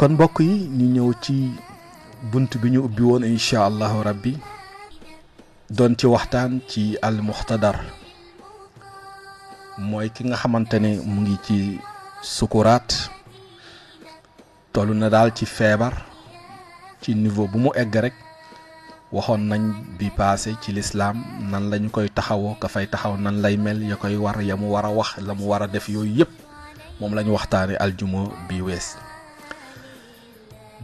kon mbokk yi ñu ñëw ci bunt bi ñu ubbi woon insha allahu rabbi doon ci waxtaan ci al muxtadar mooy ki nga xamante ne mu ngi ci sukuraat tollu na daal ci feebar ci niveau bu mu egg rek waxoon nañ bi passé ci lislaam nan lañu koy taxawoo ka fay taxaw nan lay mel ya koy war ya mu war a wax la mu war a def yooyu yépp moom ñu waxtaane aljuma bi wees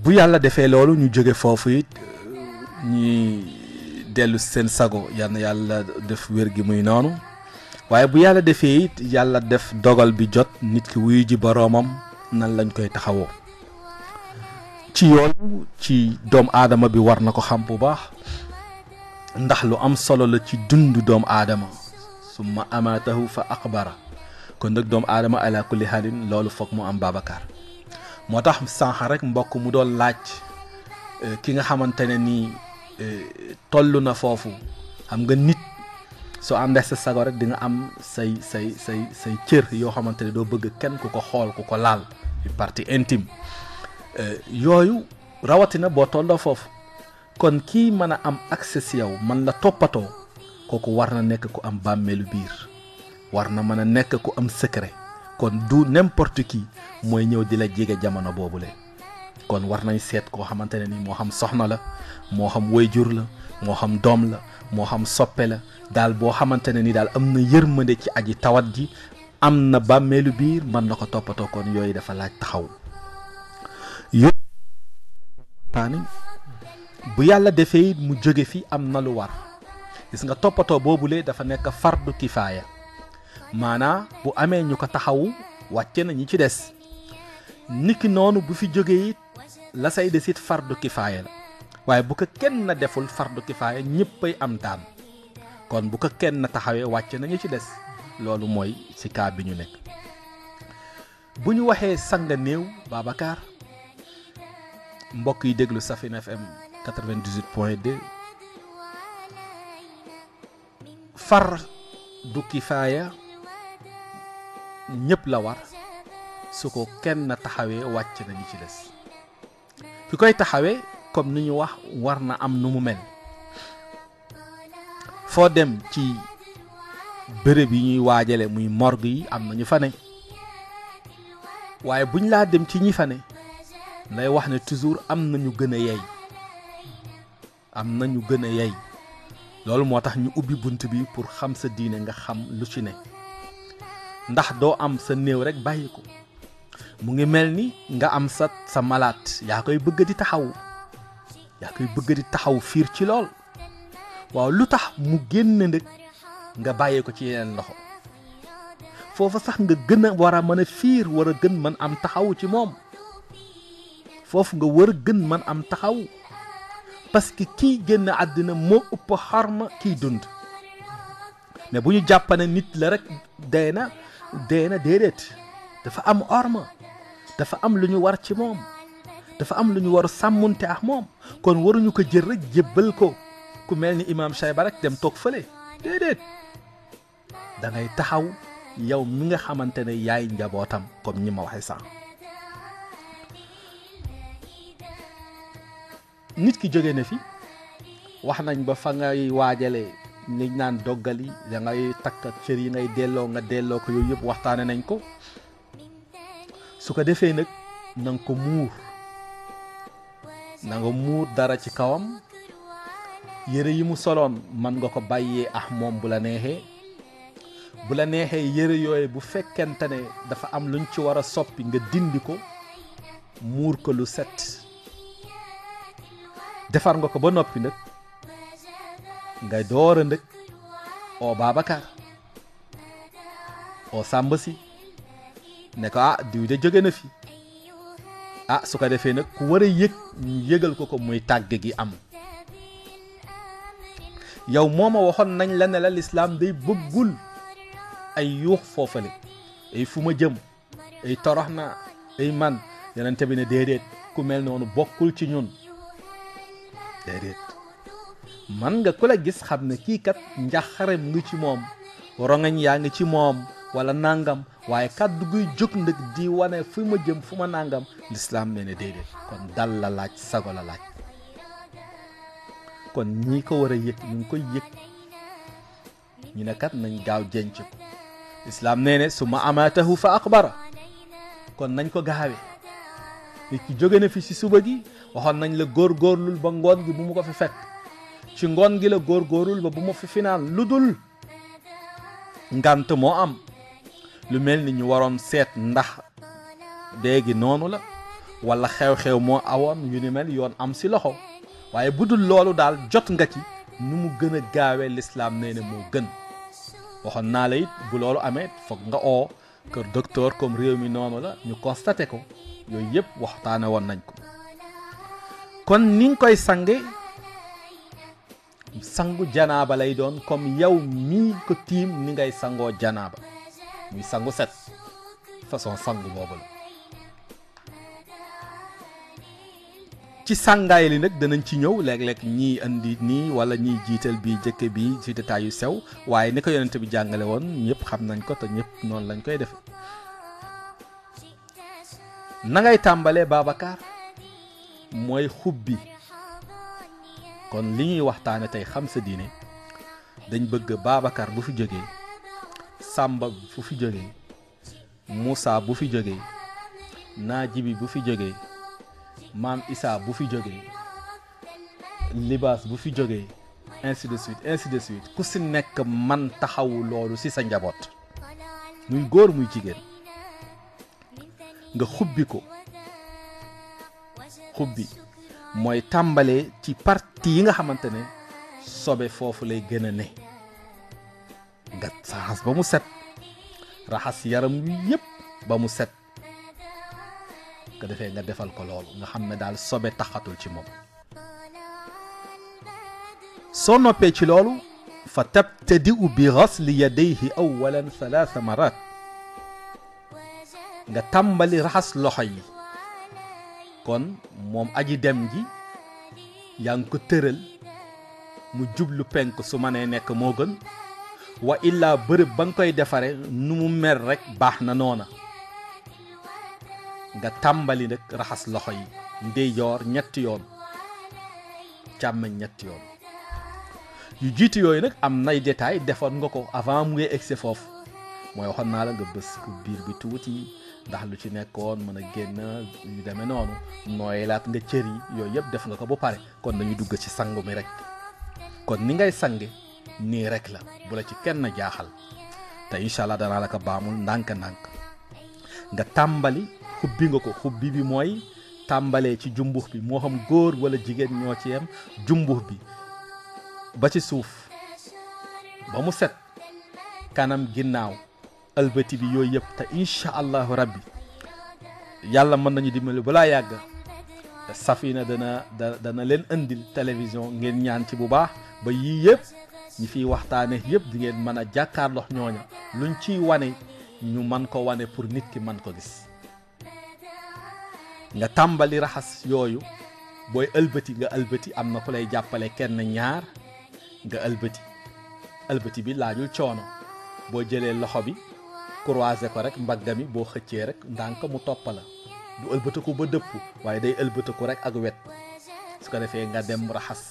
bu yàlla defee loolu ñu jóge foofu it ñuy dellu seen sago yal yàlla def wér gi muy noonu waaye bu yàlla defee it yàlla def dogal bi jot nit ki wuyu ji boroomam nan lañ koy taxawoo ci yoon ci doom aadama bi war na ko xam bu baax ndax lu am solo la ci dundu doom aadama su summa amaatahu fa aqbara kon nag doom aadama ala kulli halin loolu foog mu am Babacar moo tax sànq rek mbokk mu doon laaj eh, ki nga xamante ne nii eh, toll na foofu xam nga nit soo àndee sa sago rek di nga am say say say say cër yoo xamante ne doo bëgg kenn ku ko xool ku ko laal une partie intime eh, yooyu rawatina boo tolloo foofu kon kii mën a am accès si yow man la toppatoo kooku war na nekk ku am bàmmeelu biir war na mën a nekk ku am secret kon du n'importe ki mooy ñëw di la jege jamono boobule kon war nañ seet koo xamante ne ni moo xam soxna la moo xam wayjur la moo xam doom la moo xam soppe la daal boo xamante ne ni daal am na yërmande ci aji tawat ji am na bàmmeelu biir mën na ko toppatoo kon yooyu dafa laaj taxawul yooyu taani yàlla defee mu jóge fi am na lu war gis nga toppatoo boobule dafa nekk fardu kifaaya maanaa bu amee ñu ko taxawu wàcce na ñi ci des niki noonu bu fi jógee it la say des it la waaye bu ko kenn deful fardu kifaaya ñëppay am daan kon bu ko kenn taxawee wàcce na ñi ci des loolu mooy ci bi ñu nekk bu ñu waxee sanga néew Babacar mbokk yi déglu Safin FM 98 point far du ñëpp la war su ko kenn taxawee wàcc nañu ci des fi koy taxawee comme ni ñu wax war na am nu mu mel foo dem ci bërëb yi ñuy waajale muy morgue yi am na ñu fa ne waaye buñ laa dem ci ñi fa ne nday wax ne toujours am na ñu gën a yey am na ñu gën a yey loolu moo tax ñu ubbi bunt bi pour xam sa diine nga xam lu ci ne ndax do am sa néew rek bayiko mu ngi melni nga am sa sa malaat ya koy bëgg di taxaw ya koy bëgg di taxaw fiir ci lool waaw lu mu génn nag nga bàyyi ko ci yeneen loxo foofu sax nga gën a war a mën fiir war gën man am taxaw ci moom foofu nga war a gën man am taxaw parce que kii génn àddina moo ëpp xarma kiy dund ne bu ñu nit la rek dee dee na déedéet dafa am orme dafa am lu ñu war ci moom dafa am lu ñu war sàmmunte ak moom kon waruñu ko jël rek jébbal ko ku mel ni imaam Shayba rek dem toog fële déedéet da taxaw yow mi nga xamante ne yaay njabootam comme ñi ma waxee sànq nit ki jóge na fi wax nañ ba fa ngay waajalee li naan doggali da ngay takk cër yi ngay delloo nga delloo ko yooyu yëpp waxtaane nañ ko su ko defee nag na ko muur nanga nga muur dara ci kawam yére yi mu soloon mën nga ko bàyyee ah moom bu la neexee bu la neexee yére yooyu bu fekkente ne dafa am luñ ci war a soppi nga dindi ko muur ko lu set defar nga ko ba noppi nag ngay door a ndëj oo Babacar oo Samba si ne ko ah diw jóge na fi ah su ko defee nag ku war a yëg ñu yëgal ko ko muy tàgg gi am yow moo ma waxoon nañ la ne la lislaam day bëggul ay yuux foofale ay fu ma jëm ay torox na ay man yeneen bi déedéet ku mel noonu bokkul ci ñun déedéet man nga ku la gis xam ne kii kat njaxare mu ci moom rongañ yaa ngi ci moom wala nangam waaye kàdd guy jóg ndëg di wane fi ma jëm fu ma nangam lislaam nee na déedéet kon dal la laaj sago la laaj kon ñi ko war a yëg ñu ngi ko yëg ñu ne kat nañ gaaw jenc ko lislaam nee ne su ma amaatahu fa akbara kon nañ ko gaawee nit ki jóge na fi si suba gi waxoon nañ la góor góorlul ba ngoon gi bu mu ko fi fekk ci ngoon gi la góorgóorul ba bu ma fi final lu dul ngant moo am lu mel ni ñu waroon seet ndax déegi noonu la wala xew-xew moo awoon yu ni mel yoon am si loxo waaye bu dul loolu daal jot nga ci nu mu gën a gaawee lislaam nee na moo gën waxoon naa la it bu loolu amee foog nga oo kër docteur comme réew mi noonu la ñu constaté ko yooyu yëpp waxtaane woon nañ ko kon ni koy sange sangu janaaba lay doon comme yow mii ko tiim ni ngay sangoo janaaba muy sangu set façon sangu boobu la ci sangaay li nag danañ ci ñëw léeg-léeg ñii andi nii wala ñiy jiital bi jëkk bi ci détail yu sew waaye ni ko yonent bi jàngale woon ñëpp xam nañ ko te ñëpp noonu lañ koy defe na tàmbalee Babacar mooy xubbi kon li ñuy waxtaane tey xam sa diine dañ bëgg Babacar bu fi jógee sàmba bu fi jógee Moussa bu fi jógee Naajibi bu fi jógee Maam Issa bu fi jógee Libaas bu fi jógee ainsi de suite ainsi de suite ku si nekk man taxawu loolu ci sa njaboot muy góor muy jigéen nga xubbi ko xubbi mooy tàmbalee ci parti yi nga xamante ne sobe foofu lay gën ne nga raxas ba mu set raxas yaram wi yëpp ba mu set nga defee nga defal ko loolu nga xam ne daal sobe taxatul ci moom soo noppee ci loolu fa tabtadi'u bi ghasli yadayhi awalan thalatha marat nga tàmbali raxas loxo yi kon moom aji dem ji yaa ngi ko tëral mu jublu penk su ma nee nekk moo gën wa illaa bërëb ba nga koy defare nu mu mer rekk baax na noona nga tàmbali nag raxas loxo yi ndeyjoor ñetti yoon càmmeñ ñetti yoon yu jiitu yooyu nag am nay détail defoon nga ko avant mu ngay egsi foofu mooy waxoon naa la nga bës ko biir bi tuuti ndax lu ci nekkoon mën a génn yu demee nooy laat nga cër yi yooyu yëpp def nga ko ba pare kon dañu dugg ci sangu mi rek kon ni ngay sang nii rek la bu la ci kenn jaaxal te incha allah danaa la ko baamul ndànk-ndànk nga tàmbali xubbi nga ko xubbi bi mooy tàmbalee ci jumbux bi moo xam góor wala jigéen ñoo ci yem jumbux bi ba ci suuf ba mu set kanam ginnaaw ëlbati bi yooyu yëpp te incha allahu rabbi yàlla mën nañu dimbali balaa yàgg safina dana da dana leen indil télévision ngeen ñaan ci bu baax ba yii yëpp ñi fiy waxtaane yëpp di ngeen mën a jàkkaarloo ñooña luñ ciy wane ñu man ko wane pour nit ki man ko gis nga tàmbali raxas yooyu booy ëlbati nga ëlbati am na ku lay jàppale kenn ñaar nga ëlbati ëlbati bi laajul coono boo jëlee loxo bi croiser ko rek mbaggami boo xëccee rek ndànk mu topp la du ëlbatiku ba dëpp waaye day ëlbatiku rek ak wet su ko defee nga dem raxas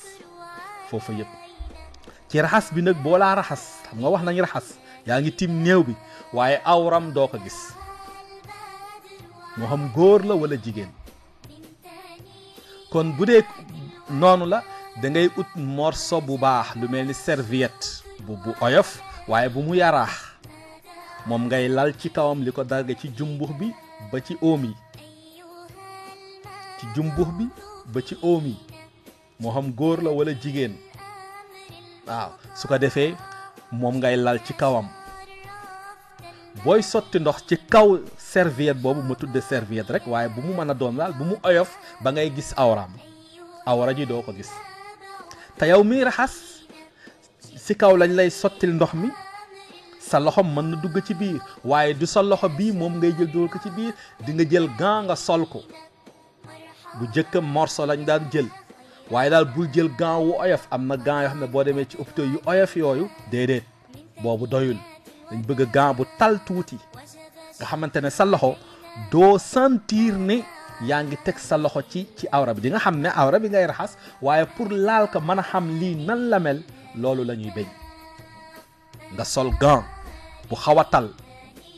foofu yëpp ci raxas bi nag boolaa raxas xam nga wax nañ raxas yaa ngi tiim néew bi waaye awram doo ko gis moo xam góor la wala jigéen kon bu dee noonu la da ngay ut morso bu baax lu mel ni serviette bu bu oyof waaye bu mu yaraax moom ngay lal ci kawam li ko darge ci jumbux bi ba ci oom yi ci jumbux bi ba ci oom moo xam góor la wala jigéen waaw su ko defee moom ngay lal ci kawam booy sotti ndox ci kaw serviette boobu ma tudde serviet rek waaye bu mu mën a doon laal bu mu oyof ba ngay gis awraam awra ji doo ko gis te yow miy raxas si kaw lañ lay sottil ndox mi sa loxo mën na dugg ci biir waaye du sa loxo bii moom ngay jël dugal ko ci biir di nga jël gant nga sol ko bu jëkk morso lañ daan jël waaye daal bul jël gant wu oyof am na gant yoo xam ne boo demee ci hôpitaux yu oyof yooyu déedéet boobu doyul dañ bëgg gant bu tal tuuti nga xamante ne sa loxo doo santiir ne yaa ngi teg sa loxo ci ci awra bi di nga xam ne awra bi ngay raxas waaye pour laal ko mën a xam lii nan lamel loolu la ñuy bañ nga sol gant bu xaw a tal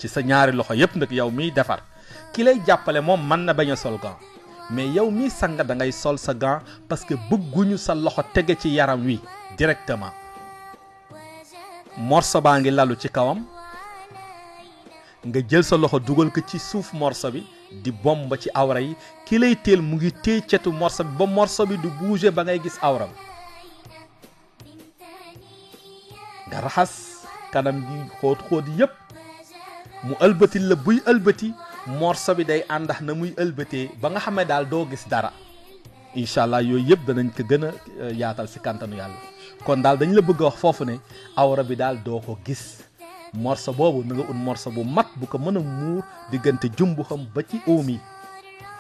ci sa ñaari loxo yépp nag yow miy defar ki lay jàppale moom mën na bañ a sol gant mais yow miy sang da ngay sol sa gant parce que bëgguñu sa loxo tege ci yaram wi directement morso baa ngi lalu ci kawam nga jël sa loxo dugal ko ci suuf morso bi di bomb ci awra yi ki lay teel mu ngi téye cetu morso bi ba morso bi du bouger ba ngay gis awra bi kanam gi xóot xóot yëpp mu ëlbati la buy ëlbati morso bi day àndax na muy ëlbatee ba nga xam daal doo gis dara incha allah yooyu yëpp danañ ko gën a euh, yaatal si kantanu yàlla kon daal dañu la bëgg a wax foofu ne awra bi daal doo ko gis morso boobu na ut morso bu mat bu ko mën a muur diggante jumbu xam ba ci óom yi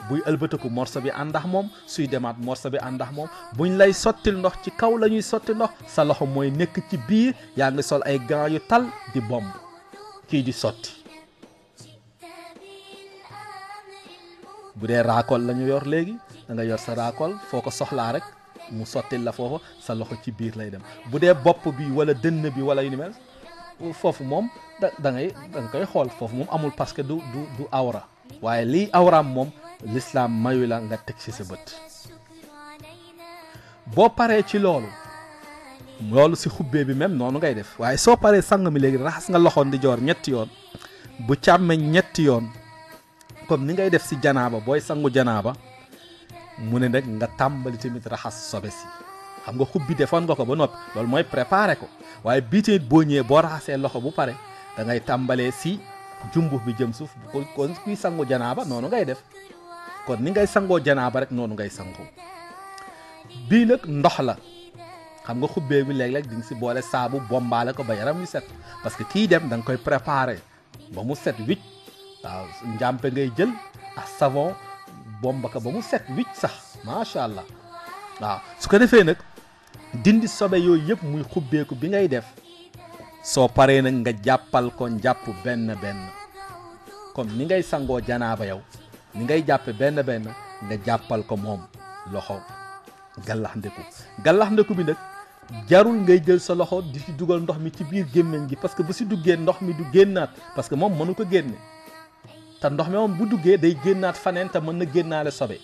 buy ëlbatiku morso bi àndax moom suy demaat morso bi àndax moom buñ lay sottil ndox ci kaw lañuy sotti ndox sa loxo mooy nekk ci biir yaa ngi sol ay gants yu tal di bomb kii di sotti bu dee raakol la ñu yor léegi da nga yor sa raakol foo ko soxlaa rek mu sottil la foofa sa loxo ci biir lay dem bu dee bopp bi wala dënn bi wala yu mel foofu moom dangay da koy xool foofu moom amul parce que du du du awra waaye lii awraam moom lislaam mayu la nga teg ci sa bët boo paree ci loolu loolu si xubbee bi même noonu ngay def waaye soo paree sang mi léegi raxas nga loxoon di joor ñetti yoon bu càmmeñ ñetti yoon comme ni ngay def si janaaba booy sangu janaaba mu ne nag nga tàmbali tamit raxas sobe si xam nga xubbi defoon nga ko ba noppi loolu mooy préparer ko waaye bii tamit boo ñëwee boo raxasee loxo bu pare da ngay tàmbalee si jumbu bi jëm suuf bu ko kuy sangu janaaba noonu ngay def kon ni ngay sangoo janaaba rek noonu ngay sangoo bii nag ndox la xam nga xubbee bi léeg-léeg di si boole saabu bombaale ko ba yaram wi set parce que kii dem danga koy préparer ba mu set wicc waaw ngay jël ak savon ko ba mu set wicc sax macha allah waaw su ko defee nag dindi sobe yooyu yépp muy xubbeeku bi ngay def soo paree nag nga jàppal ko njàpp benn benn comme ni ngay sangoo janaaba yow ni ngay jàppe benn benn nga jàppal ko moom loxo gallax ndeku gallax ndeku bi nag jarul ngay jël sa loxo di si dugal ndox mi ci biir gémmiñ gi parce que bu si duggee ndox mi du génnaat parce que moom mënu ko génne te ndox mi moom bu duggee day génnaat faneen te mën na génnaale sobe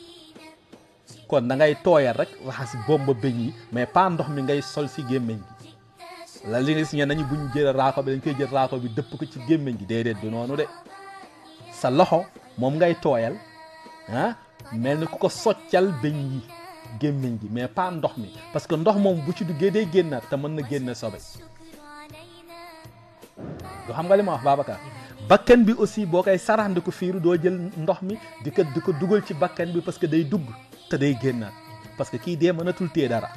kon da ngay tooyal rek raxas bomba bëñ yi mais pas ndox mi ngay sol si gémmiñ gi la li nga gis ñenn bu ñu jëlee raako bi dañ koy jël raako bi dëpp ko ci gémmiñ gi déedéet du noonu de loxo mom ngay toyal ah mel ni ku soccal beñ yi gi mais pas ndox mi parce que ndox mom bu ci duggé dé génna té mën na génné sobe do xam nga li ma wax babaka bakken bi aussi bokay koy ko firu do jël ndox mi di ko di ko duggal ci bakken bi parce que day dugg té day génna parce que kii dee mënatul té dara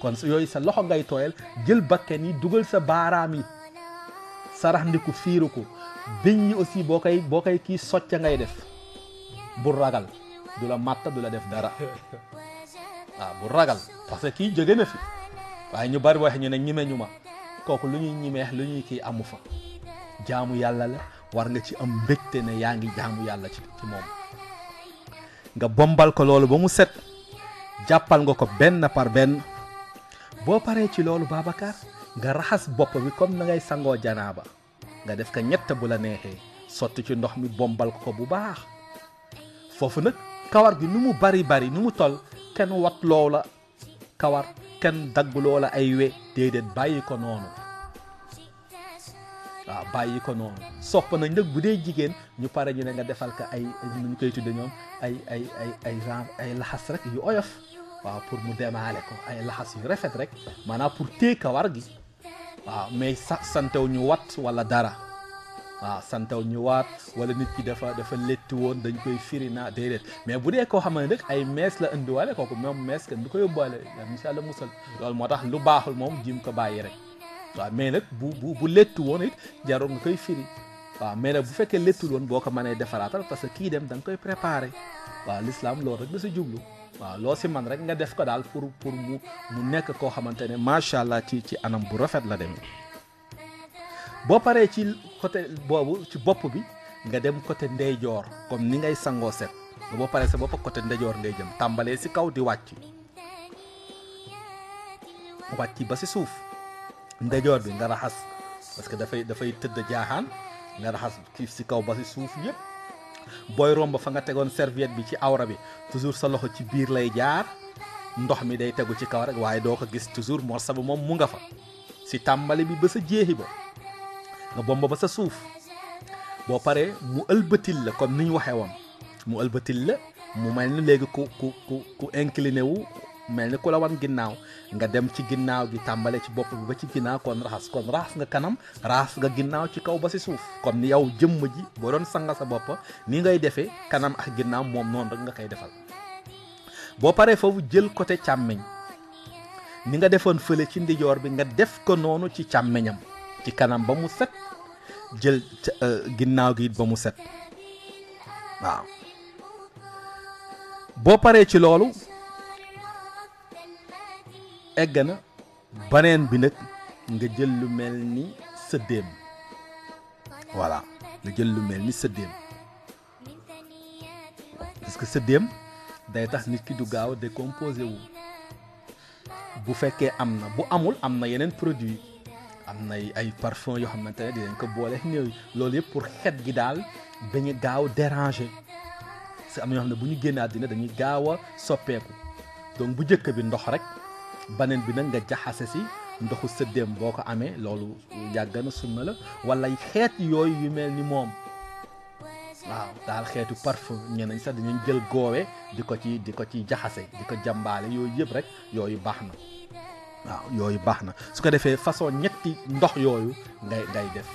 kon yoy sa loxo ngay toyal jël bakken yi duggal sa baaraam yi saraxndiku fiiru biñ aussi bokay bokay ki koy socca ngay def bu ragal du la def dara ah bu ragal parce que ki jóge na fi way ñu bari wax ñu ne ñime ñu ma lu ñuy ñimeex lu ñuy ki amu fa jaamu yalla la war nga ci am mbégte ne yaangi jaamu yalla ci ci mom nga bombal ko lolu ba mu set jappal nga ko ben par ben bo paré ci lolu babakar nga rahas bop bi comme na ngay sango janaba nga def ko ñett bu la neexee sotti ci ndox mi bombal ko bu baax foofu nag kawar gi nu mu bari bari nu mu tol kenn wat loo la kawar kenn dagg loo la ay we déedéet bàyyi ko noonu waaw bàyyi ko noonu sopp nañ nag bu dee jigéen ñu pare ñu ne nga defal ko ay ñu koy tudde ñoom ay ay ay ay genre ay laxas rek yu oyof waaw pour mu demaale ko ay laxas yu rafet rek maanaam pour téye kawar gi waaw mais sax santew ñu wat wala dara waaw santew ñu waat wala nit ki dafa dafa létti woon dañ koy firi naa déedéet mais bu dee koo xam ne nag ay mees la indiwaale kooku moom mees kenn du ko yóbbaale incha allah musal loolu moo tax lu baaxul moom jim ko bàyyi rek waaw mais nag bu bu bu léttu woon it jarul nga koy firi waaw mais nag bu fekkee léttul woon boo ko mënee defaraatal parce que kii dem da nga koy préparé waaw lislaam loolu rek da si jublu waaw loo si man rek nga def ko daal pour pour mu mu nekk koo xamante ne macha allah ci ci anam bu rafet la demee boo paree ci côté boobu ci bopp bi nga dem côté ndeyjoor comme ni ngay sangoo set nga boo paree sa bopp côté ndeyjoor ngay jëm tàmbalee si kaw di wàcc wàcc ba si suuf ndeyjoor bi nga raxas parce que dafay dafay tëdd jaaxaan nga raxas kiif si kaw ba si suuf yëpp. booy romb fa nga tegoon serviette bi ci awra bi toujours sa loxo ci biir lay jaar ndox mi day tegu ci kaw rek waaye doo ko gis toujours morsa bi moom mu nga fa si tàmbali bi ba sa jeexi ba nga bomb ba sa suuf boo paree mu ëlbatil la kon ni ñu waxee woon mu ëlbatil la mu mel ni léegi ku ku ku ku incliné wu mel ni ku la wan ginnaaw nga dem ci ginnaaw gi tàmbale ci bopp bi ba ci ginnaaw kon raxas kon raxas nga kanam raxas nga ginnaaw ci kaw ba si suuf kon ni yow jëmm ji boo doon sanga sa bopp ni ngay defee kanam ak ginnaaw moom noonu rek nga koy defal boo paree foofu jël côté càmmiñ ni nga defoon fële ci ndijoor bi nga def ko noonu ci càmmiñam ci kanam ba mu set jël euh, ginnaaw gi ba mu set waaw boo paree ci loolu egg na baneen bi nag nga jël lu mel ni sëddéem voilà nga jël lu mel ni sëddéem parce que sëddéem day tax nit ki du gaaw décomposé wu bu fekkee am na bu amul am na yeneen produit am na ay parfum yoo xamante ne dinañ ko boole néew loolu yëpp pour xet gi daal dañu gaaw déranger parce am na ñoo xam ne bu ñu génnaat dina dañuy gaaw a soppeeku donc bu njëkk bi ndox rek baneen bi nag nga jaxase si ndoxu sëddeem boo ko amee loolu yàgg na sunna la wala xeet yooyu yu mel ni moom waaw daal xeetu parfum ñeneen sax dañuy jël goowe di ko ci di ko ci jaxase di ko jàmbaale yooyu yëpp rek yooyu baax na waaw yooyu baax na su ko defee façon ñetti ndox yooyu ngay ngay def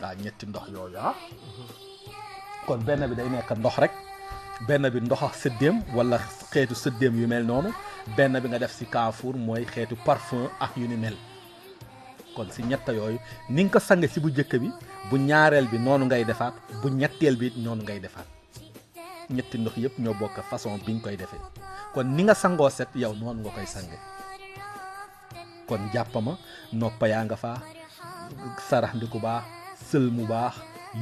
waaw ñetti ndox yooyu ah mm-hmm. kon benn bi day nekk ndox rek benn bi ndoxa sëddeem wala xeetu sëddeem yu mel noonu benn bi nga def si kaafuur mooy xeetu parfum ak yu ni mel kon si ñett yooyu ni nga ko sange si bu njëkk bi bu ñaareel bi noonu ngay defaat bu ñetteel bi noonu ngay defaat ñetti ndox yëpp ñoo bokk façon koy defee kon ni nga sangoo set yow noonu nga koy sange kon jàppama noppa yaa nga fa sarax ndiku baax sël mu baax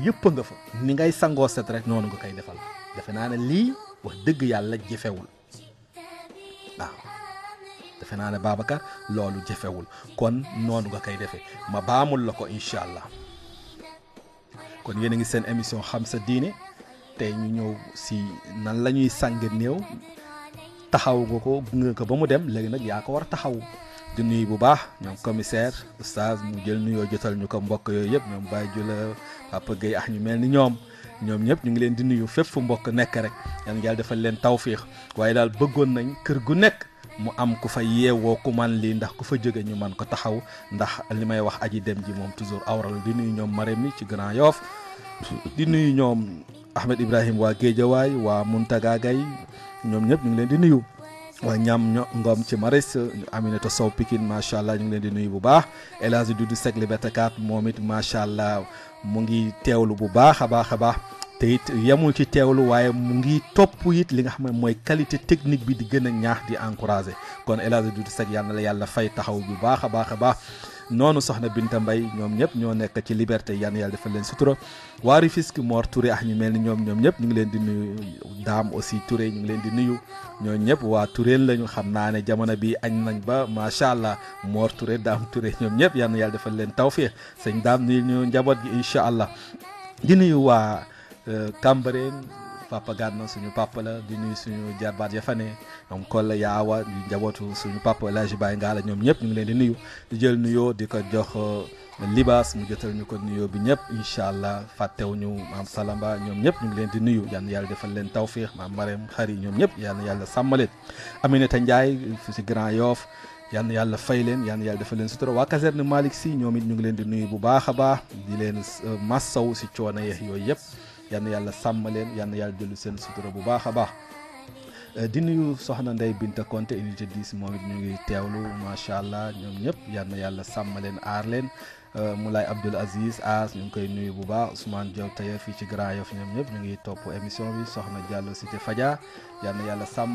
yëpp nga fa ni ngay sangoo set rek noonu nga koy defal defe naa ne lii wax dëgg yàlla jëfewul waaw defe naa ne Babacar loolu jëfewul kon noonu nga koy defee ma baamul la ko incha allah kon yéen a ngi seen émission xam sa diine tey ñu ñëw si nan la ñuy sànge néew taxaw ko nga ko ba mu dem léegi nag yaa ko war a taxaw di nuyu bu baax ñoom commissaire oustaz mu jël nuyoo jotal ñu ko mbokk yooyu yëpp ñoom Baye Jula Papa Gueye ak ñu mel ni ñoom ñoom ñëpp ñu ngi leen di nuyu fépp fu mbokk nekk rek yal na yàlla defal leen tawfiix waaye daal bëggoon nañ kër gu nekk mu am ku fa yeewoo ku man lii ndax ku fa jóge ñu man ko taxaw ndax li may wax aji dem ji moom toujours awral di nuyu ñoom Marème mi ci Grand Yoff di nuyu ñoom Ahmed Ibrahim waa Géejawaay waa Muntaga Gaye ñoom ñëpp ñu ngi leen di nuyu waa ñam ño ngoom ci maris Aminata Sow Pikine macha allah ñu ngi leen di nuyu bu baax El Hadji di Seck Liberté 4 moom it macha allah mu ngi teewlu bu baax a baax a baax te it yemul ci teewlu waaye mu ngi topp it li nga xam ne mooy qualité technique bi di gën a ñaax di encouragé kon El du Doudou Seck yal yàlla fay taxaw bu baax a baax a baax noonu soxna Binta Mbaye ñoom ñëpp ñoo nekk ci liberté yan yàlla defal leen sutura waa Rufisque Mor Touré ak ñu mel ni ñoom ñoom ñëpp ñu ngi leen di nuyu daam aussi Touré ñu ngi leen di nuyu ñoo ñëpp waa Touré lañu xam naa ne jamono bi añ nañ ba macha allah Mor Touré daam Touré ñoom ñëpp yan yàlla defal leen tawféex sëñ daam nuyu ñu njaboot gi incha allah di nuyu waa euh, Cambérène papa Gana suñu papa la di nuyu suñu jarbaat ya fa ne ñoom Kolle Yaawa di njabootu suñu papa El Hadj Baye Ngala ñoom ñëpp ñu ngi leen di nuyu di nuyoo di ko jox euh, libaas mu jotal ñu ko nuyoo bi ñëpp incha allah fàttewuñu maam Salamba ñoom ñëpp ñu ngi leen di nuyu yal na yàlla defal leen tawfiix maam Marème xari ñoom ñëpp yal na yàlla sàmmaleen Aminata Ndiaye fi si Grand Yoff yal na yàlla fay leen yal na yàlla defal leen si waa caserne ñoom it ñu ngi leen di nuyu bu baax a baax di leen euh, massaw si coono yeex yooyu yëpp yal yàlla sàmm leen yal yàlla dellu seen sutura bu baax a baax eh, di nuyu soxna Ndeye Binta Konte unité 10 moom it ñu ngi teewlu macha allah ñoom ñëpp yal yàlla sàmma leen aar leen eh, Moulay Abdoul Aziz As ñu ngi koy nuyu bu baax Ousmane Diaw tey fii ci Grand Yoff ñoom ñëpp ñu ngi topp émission bi soxna Diallo Cité Fadia yal na yàlla sàmm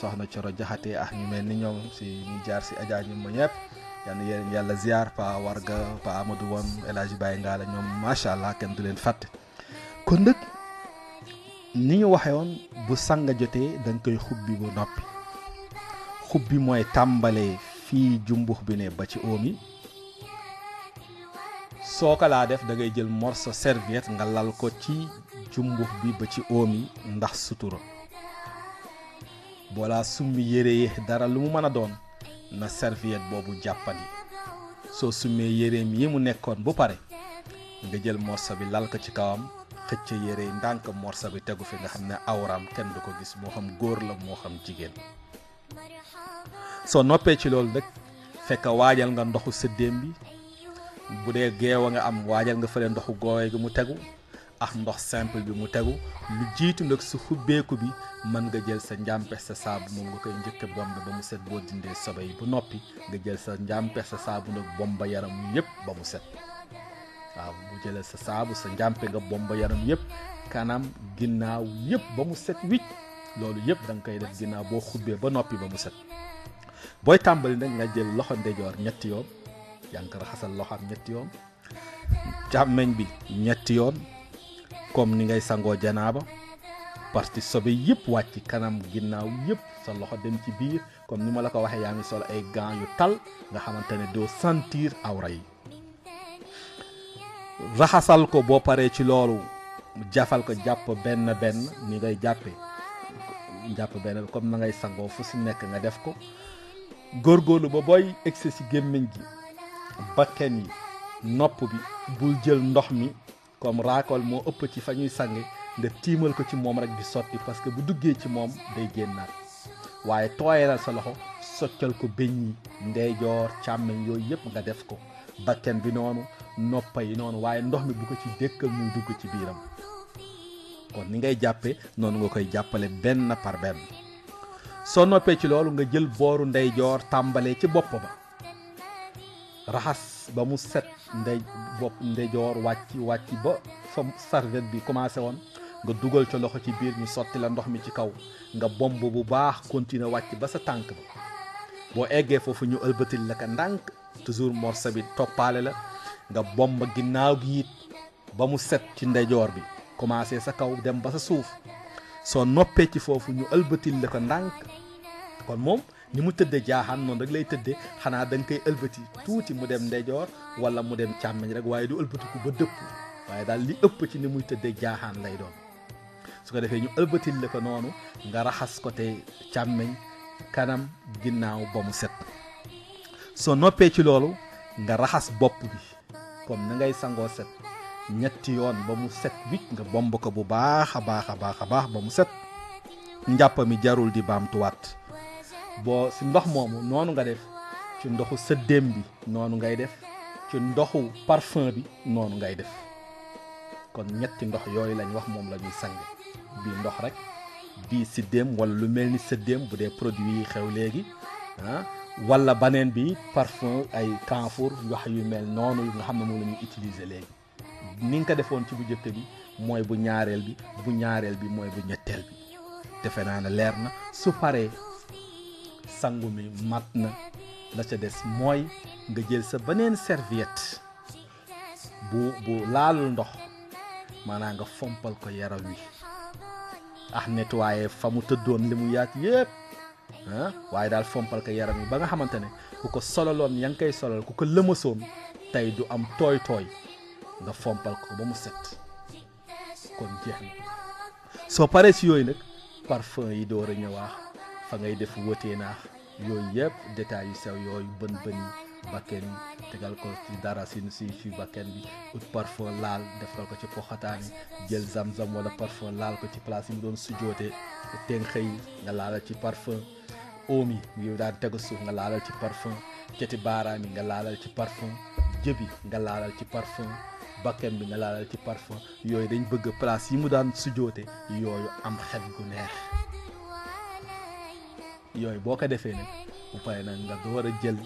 soxna Coro Jaxate ah ñu mel ni ñoom si ñu jaar si Adja ñu ma ñëpp. yal yàlla ziar pa warga pa Amadou Wan El Hadj Baye Ngala ñoom macha allah kenn du leen fàtte. kon nag ni ñu waxee bu sàng jotee dañ koy xubbi bu noppi xubbi mooy tàmbalee fii jumbux bi ne ba ci oom yi soo ko laa def da ngay jël morso serviette nga lal ko ci jumbux bi ba ci oom yi ndax sutura boolaa summi yére yi dara lu mu mën a doon na serviette boobu jàppandi soo summee yéreem yi mu nekkoon bu pare nga jël morceau bi lal ko ci kawam xëcc yére yi ndànk morsa bi tegu fi nga xam ne awraam kenn ko gis moo xam góor la moo xam jigéen soo noppee ci loolu nag fekk waajal nga ndoxu sëddéem bi bu dee geew nga am waajal nga fële ndoxu gooy gi mu tegu ak ndox simple bi mu tegu lu jiitu nag su xubbeeku bi mën nga jël sa njàmpe sa saabu moom nga koy njëkk bomb ba mu set boo dindee sobe yi bu noppi nga jël sa njàmpeex sa saabu nag bomba yaram yépp ba mu set waaw bu jëlee sa saabu sa njàmpe nga bomba yaram yep kanam ginnaaw yep ba mu set wicc loolu yépp da nga koy def ginnaaw boo xubbee ba noppi ba mu set booy tàmbali nag nga jël loxo ndejoor ñetti yoon yaa raxasal loxo am ñetti yoon bi ñetti yoon comme ni ngay sangoo janaaba parti sobe yep wàcc kanam ginnaaw yep sa loxo dem ci biir comme ni ma la ko waxee yaa sol ay gants yu tal nga xamante ne sentir raxasal ko boo paree ci loolu jafal ko jàpp benn benn ni ngay jàppe jàpp benn comme na ngay sangoo fu si nekk nga def ko góor góorlu ba booy egsi si gémmiñ gi bakken yi nopp bi bul jël ndox mi comme raakool moo ëpp ci fa ñuy sang nga tiimal ko ci moom rek bi sotti parce que bu duggee ci moom day génnaat waaye tooyalal sa loxo soccal ko bëñ yi ndeyjoor càmmeñ yooyu yëpp nga def ko bakken bi noonu noppay non waye waaye ndox mi bu ko ci dekkal muy dugg ci biiram kon ni ngay jappé non nga koy jappalé benn par benn so noppé ci loolu nga jël booru jor tambalé ci bop ba rahas ba mu set ndey ndey jor wacc wacc ba fa sarvet bi commencé won nga duggal ci loxo ci biir ñu sotti la ndox mi ci kaw nga bombu bu baax continuer wacc ba sa tank. ba bo eggé fofu ñu ëlbeutil la ka ndank toujours morsa bi topalé la nga bomb ginnaaw gi it ba mu set ci ndeyjoor bi commencé sa kaw dem ba sa suuf soo noppee ci foofu ñu ëlbatil ko ndànk kon moom ni mu tëddee jaaxaan noonu rek lay tëddee xanaa da koy ëlbati tuuti mu dem ndejoor wala mu dem càmmeñ rek waaye du ëlbatiku ba waaye daal li ëpp ci ni muy tëddee jaaxaan lay doon su ko defee ñu ëlbatil ko noonu nga raxas côté càmmeñ kanam ginnaaw ba mu set soo noppee ci loolu nga raxas bopp bi comme na ngay sangoo set ñetti yoon ba mu set wicc nga bomb ko bu baax a baax a baax a baax ba mu set njàpp mi jarul di baamtuwaat boo si ndox moomu noonu nga def ci ndoxu sëddéem bi noonu ngay def ci ndoxu parfum bi noonu ngay def kon ñetti ndox yooyu lañ wax moom la sang bii ndox rek bii siddeem wala lu mel ni sëddéem bu dee produit yi xew léegi ah, wala baneen bi parfum ay camphre wax yu mel noonu yu nga xam ne moom la ñuy utiliser léegi ko defoon ci bu njëkk bi mooy bu ñaareel bi bu ñaareel bi mooy bu ñetteel bi defe naa ne leer na su paree sangu mi mat na la ca des mooy nga jël sa beneen serviette bu bu laalul ndox maanaa nga fompal ko yaram wi ah nettoyé fa mu tëddoon li mu yaat yépp Ah? waaye daal fompal ko yaram yi ba nga xamante ne ku ko solaloon yaa ngi koy solal ku ko lëmasoon tey du am tooy tooy nga fompal ko ba mu set kon jeex soo paree si yooyu nag parfum yi door a ñëwaax fa ngay def wëtee naax yooyu yëpp détails yi sew yooyu bën bën yi bakken tegal ko ci dara si si si bakken bi ut parfum laal defal ko ci poxataani jël zam-zam wala parfum laal ko ci place yi mu doon sujootee teen xëy nga laalal ci parfum oom yi ngi daan tegu suuf nga laalal ci parfum ceti baaraam yi nga laalal ci parfum jëbi nga laalal ci parfum bakken bi nga laalal ci parfum yooyu dañ bëgg place yi mu daan sujoote yooyu am xet gu neex yooyu boo ko defee nag bu pare nag nga door a jël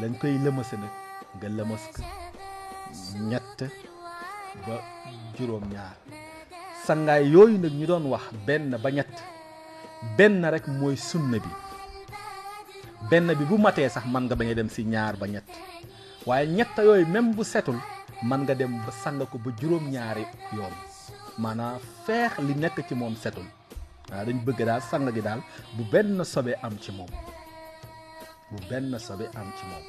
lañ koy lëmase nag ñett ba juróom-ñaar sangaay yooyu nag ñu doon wax benn ba ñett benn rek mooy sunna bi benn bi bu matee sax mën nga bañ dem si ñaar ba ñett waaye ñett yooyu même bu setul mën nga dem ba sang ko ba juróom-ñaari yoon maanaam feex li nekk ci moom setul waaw dañ bëgg daal sang gi daal bu benn sobe am ci moom bu benn sobe am ci moom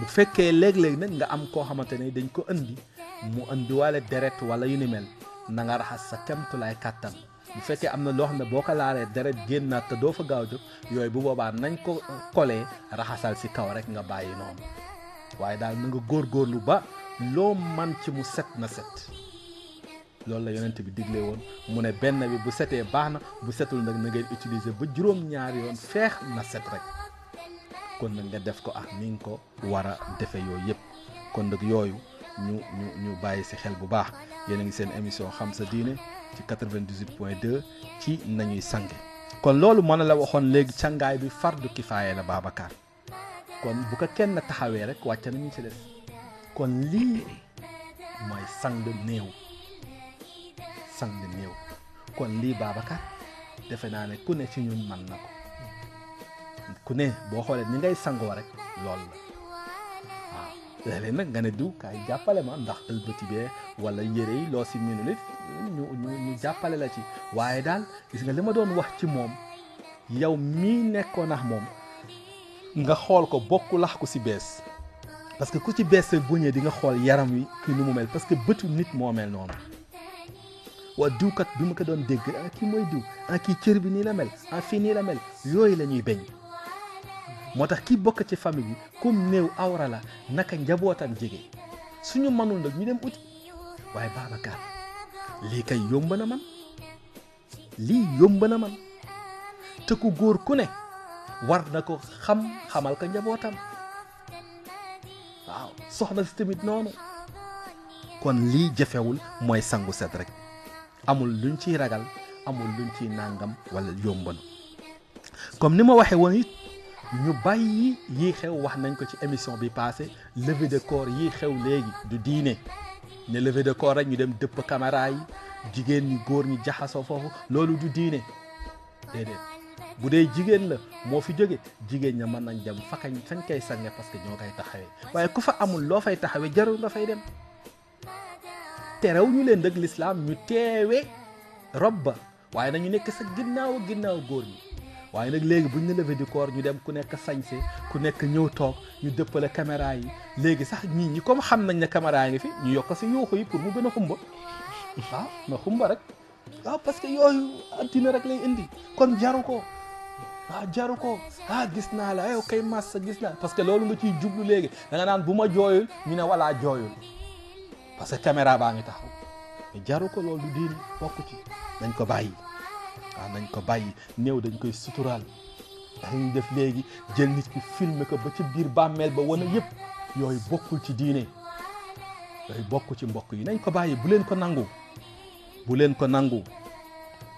bu fekkee léeg-léeg nag nga am koo xamante ne dañ ko indi mu indiwaale deret wala yu ni mel na nga raxas sa kemtulaay kàttan bu fekkee am na loo xam ne boo ko laalee deret génnaat te doo fa gaaw jóg yooyu bu boobaa nañ ko kolee raxasal si kaw rek nga bàyyi noonu waaye daal na góor góorlu ba loo man ci mu set na set loolu la yonent bi digle woon mu ne benn bi bu setee baax na bu setul nag na ngeen utiliser ba juróom-ñaar yoon feex na set rek kon nag nga def ko ak ni nga ko war a defee yooyu yëpp kon nag yooyu ñu ñu ñu bàyyi si xel bu baax yéen a ngi seen émission xam sa diine ci 98 point 2 ci nañuy sange kon loolu mën a la waxoon léegi càngaay bi fardu kifaaye la Babacar kon bu ko kenn taxawee rek wàcc na ñu ci des kon lii mooy sang néew sang néew kon lii Babacar defe naa ne ku ne ci ñun mën na ko. ku ne boo xoolee ni ngay sangoo rek loolu la waaw ah, léeg-léeg nag nga ne diw kaay jàppale ma ndax ëlbati bee wala yére yi loo si minul ñu ñu ñu jàppale la ci waaye daal gis nga li ma doon wax ci moom yow mii nekkoon ak moom nga xool ko bokku lax ko si bees parce que ku ci bees sa buñee di nga xool yaram wi ki nu mu mel parce que bëtu nit moo mel noonu waa diwkat bi ma ko doon dégg ah kii mooy diw ah kii cër bi nii la mel ah fii nii la mel yooyu la ñuy beñ moo tax ki bokk ci famille bi comme néew awra la naka njabootam jege suñu mënul nag ñu dem uti waaye Babacar lii kay yomb na man lii yomb na man te ku góor ku ne war na ko xam xamal ko njabootam waaw soxna si tamit noonu kon lii jafewul mooy sangu set rek amul luñ ciy ragal amul luñ ciy nàngam walla yomb comme ni ma waxee woon it ñu bàyyi yi xew wax nañ ko ci émission bi passé levée de corps yi xew léegi du diine ne levée de corps rek ñu dem dëpp caméra yi jigéen ñi góor ñi jaxasoo foofu loolu du diine déedéet bu dee jigéen la moo fi jóge jigéen ña mën nañ dem fakañ fañ koy sange parce que ñoo koy taxawee waaye ku fa amul loo fay taxawee jarul nga fay dem terew ñu leen dëgg lislaam ñu teewe rob ba waaye nañu nekk sa ginnaaw ginnaaw góor ñi waaye nag léegi bu ñu la levée du corps ñu dem ku nekk sañse ku nekk ñëw toog ñu dëppale caméra yi léegi sax nit ñi comme xam nañ ne caméra ngi fi ñu yokk si yuuxu yi pour mu gën a xumba waaw ah, na xumba rek waaw ah, parce que yooyu addina rek lay indi kon jaru ko ah jaru ko ah, gis naa la yow kay massa gis naa parce que loolu nga ciy jublu léegi da naan bu ma jooyul ñu ne walaa jooyul parce que caméra baa ngi taxaw jaru ko loolu du diin bokk ci dañ ko bàyyi waaw nañ ko bàyyi néew dañ koy suturaal dañ def léegi jël nit ki filmer ko ba ci biir bàmmeel ba wane yëpp yooyu bokkul ci diine yooyu bokk ci mbokk yi nañ ko bàyyi bu leen ko nangu buleen ko nangu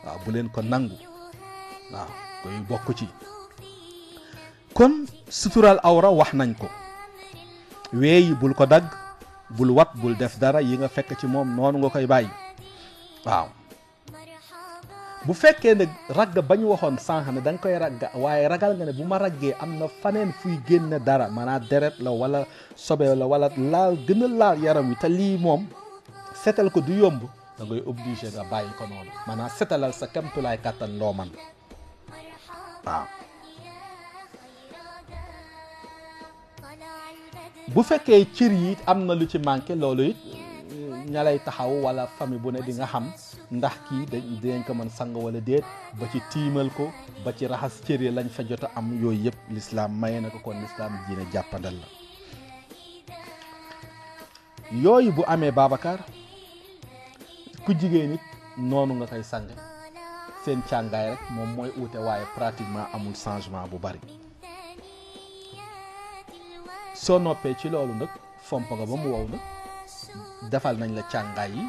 waaw bu leen ko nangu waaw yooyu bokk ci kon suturaal awra wax nañ ko weeyi bul ko dagg bul wat bul def dara yi nga fekk ci moom noonu nga koy bàyyi waaw bu fekkee ne ragg ba ñu waxoon sànq ne da koy ragg waaye ragal nga ne bu ma raggee am na faneen fuy génn dara maanaam deret la wala sobe la wala laal gën a laal yaram wi te lii moom setal ko di yomb dangay ngay obligé nga bàyyi ko noonu maanaam setalal sa kemtulaay kàttan loo man bu fekkee cir yi am na lu ci manqué loolu it ñalay taxaw wala famille bu ne di nga xam ndax kii dinañ ko mën sang wala déet ba ci tiimal ko ba ci raxas cër yi lañ fa jot am yooyu yëpp lislaam maye na ko kon lislaam diine jàppandal la yooyu bu amee Babacar ku jigéen it noonu nga koy sange seen càngaay rek moom mooy uute waaye pratiquement amul changement bu bari soo noppee ci loolu nag fomp nga ba mu wow nag defal nañ la càngaay yi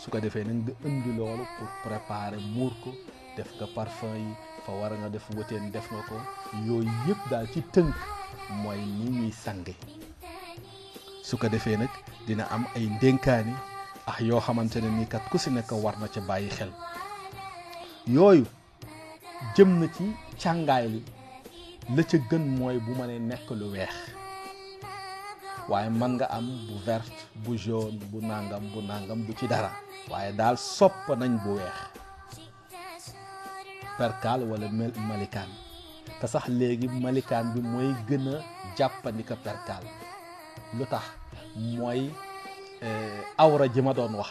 su ko defee nañ nga indi loolu pour préparer muur ko def nga parfum yi fa war nga def wëteen def nga ko yooyu yépp daal ci tënk mooy ni ñuy sange su ko defee nag dina am ay ndénkaani ax ah, yoo xamante ne ni kat ku si nekk war na ca bàyyi xel yooyu jëm na ci càngaay li la ca gën mooy bu ma ne nekk lu weex waaye man nga am bu vert bu jaune bu nàngam bu nàngam bu ci dara waaye daal sopp nañ bu weex perkal wala malikaan te sax léegi malikaan bi mooy gën a jàppandi lu tax mooy eh, awra ji ma doon wax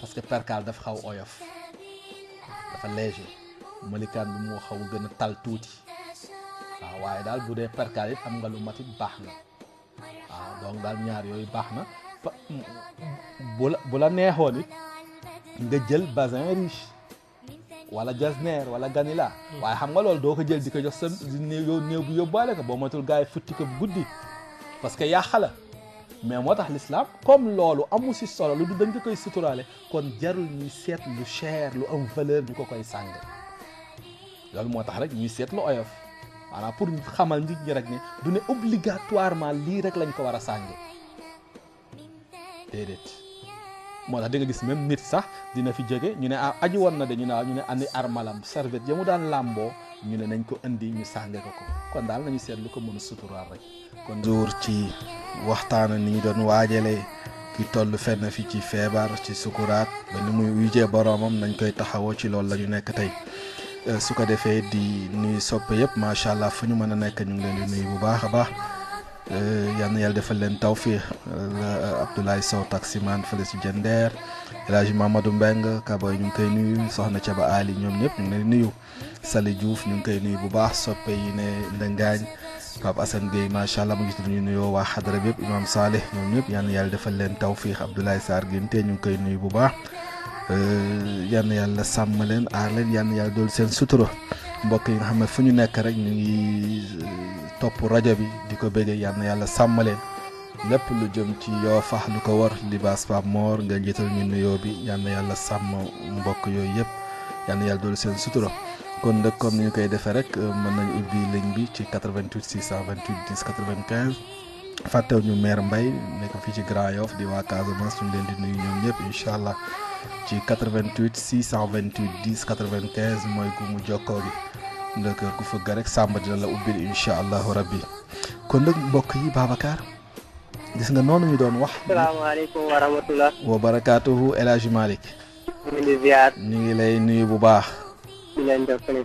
parce que dafa xaw oyof dafa léger malikaan bi moo xaw gën tal tuuti waaw waaye daal bu dee perkal it am nga lu matit baax na donc daal ñaar yooyu baax na bu la bu la neexoon it nga jël basin riche wala jasner wala ganila waaye xam nga loolu doo ko jël di ko jox sa néew bu yóbbaale ko boo matul gars yi futti ko guddi parce que yàq la mais moo tax l'islam comme loolu amu si solo lu du dañ ko koy suturaale kon jarul ñuy seet lu cher lu am ñu ko koy sàng loolu moo tax rek ñuy seet lu oyof maanaam pour xamal nit ñi rek ne du ne obligatoirement lii rek lañ ko war a sànge déedéet moo tax di gis même nit sax dina fi jege ñu ne ah aju woon na de ñu ne ah, ñu ne andi armalam serviette ya mu daan làmboo ñu ne nañ ko indi ñu sànge ko ko kon daal nañu seet lu ko mën a suturaal rek kon jour ci waxtaan ni ñu doon waajalee ki toll fenn fi ci feebar ci sukuraat ba ni muy wujjee boroomam nañ koy taxawoo ci loolu la ñu nekk tey Euh, su ko defee di nuyu soppe yëpp macha allah fu ñu mën a nekk ñu ngi leen di nuyu bu baax a baax euh, yal na yàlla defal leen tawfiix euh, Abdoulaye Sow taximaan fële si Jëndeer El Hadj Mamadou Mbeng Kaboy ñu ngi koy nuyu Soxna Caba Ali ñoom ñëpp ñu ngi nuyu Sali Diouf ñu ngi koy nuyu bu baax soppe yi ne Ndengaañ Pape Assane Gueye macha allah mu ñu nuyoo waa xadara bi yëpp Imaam Saleh ñoom ñëpp yal na yàlla defal leen tawfiix Abdoulaye saar Guinté ñu ngi koy nuyu bu baax. Euh, yann yàlla sàmm leen aar leen yann yàlla doolu seen sutura mbokk yi nga xam ne fu ñu nekk rek ñu ngi euh, topp rajo bi di ko bëggee yann yàlla sàmm leen lépp lu jëm ci yoo fax lu ko war libaas Pape moor nga jiital ñu nuyoo bi yann yàlla sàmm mbokk yooyu yëpp yann yàlla doolu seen sutura kon nag comme ni ñu koy defee rek euh, mën nañu ubbi ligne bi ci 88 628 10 95 fàttew ñu maire mbay nekk fii ci Grand Yoff di waa Casamance ñu leen di nuyu ñoom ñëpp incha allah ci 88 628 10 95 mooy gu mu jokkoo gi nag ku fëgg rek Samba dina la ubbil incha allahu rabbi kon nag mbokk yi Babacar gis nga noonu ñu doon wax. salaamaaleykum wa rahmatulah. wa El Hadj Malick. ñu ngi ziar. lay nuyu bu baax. di leen jokkale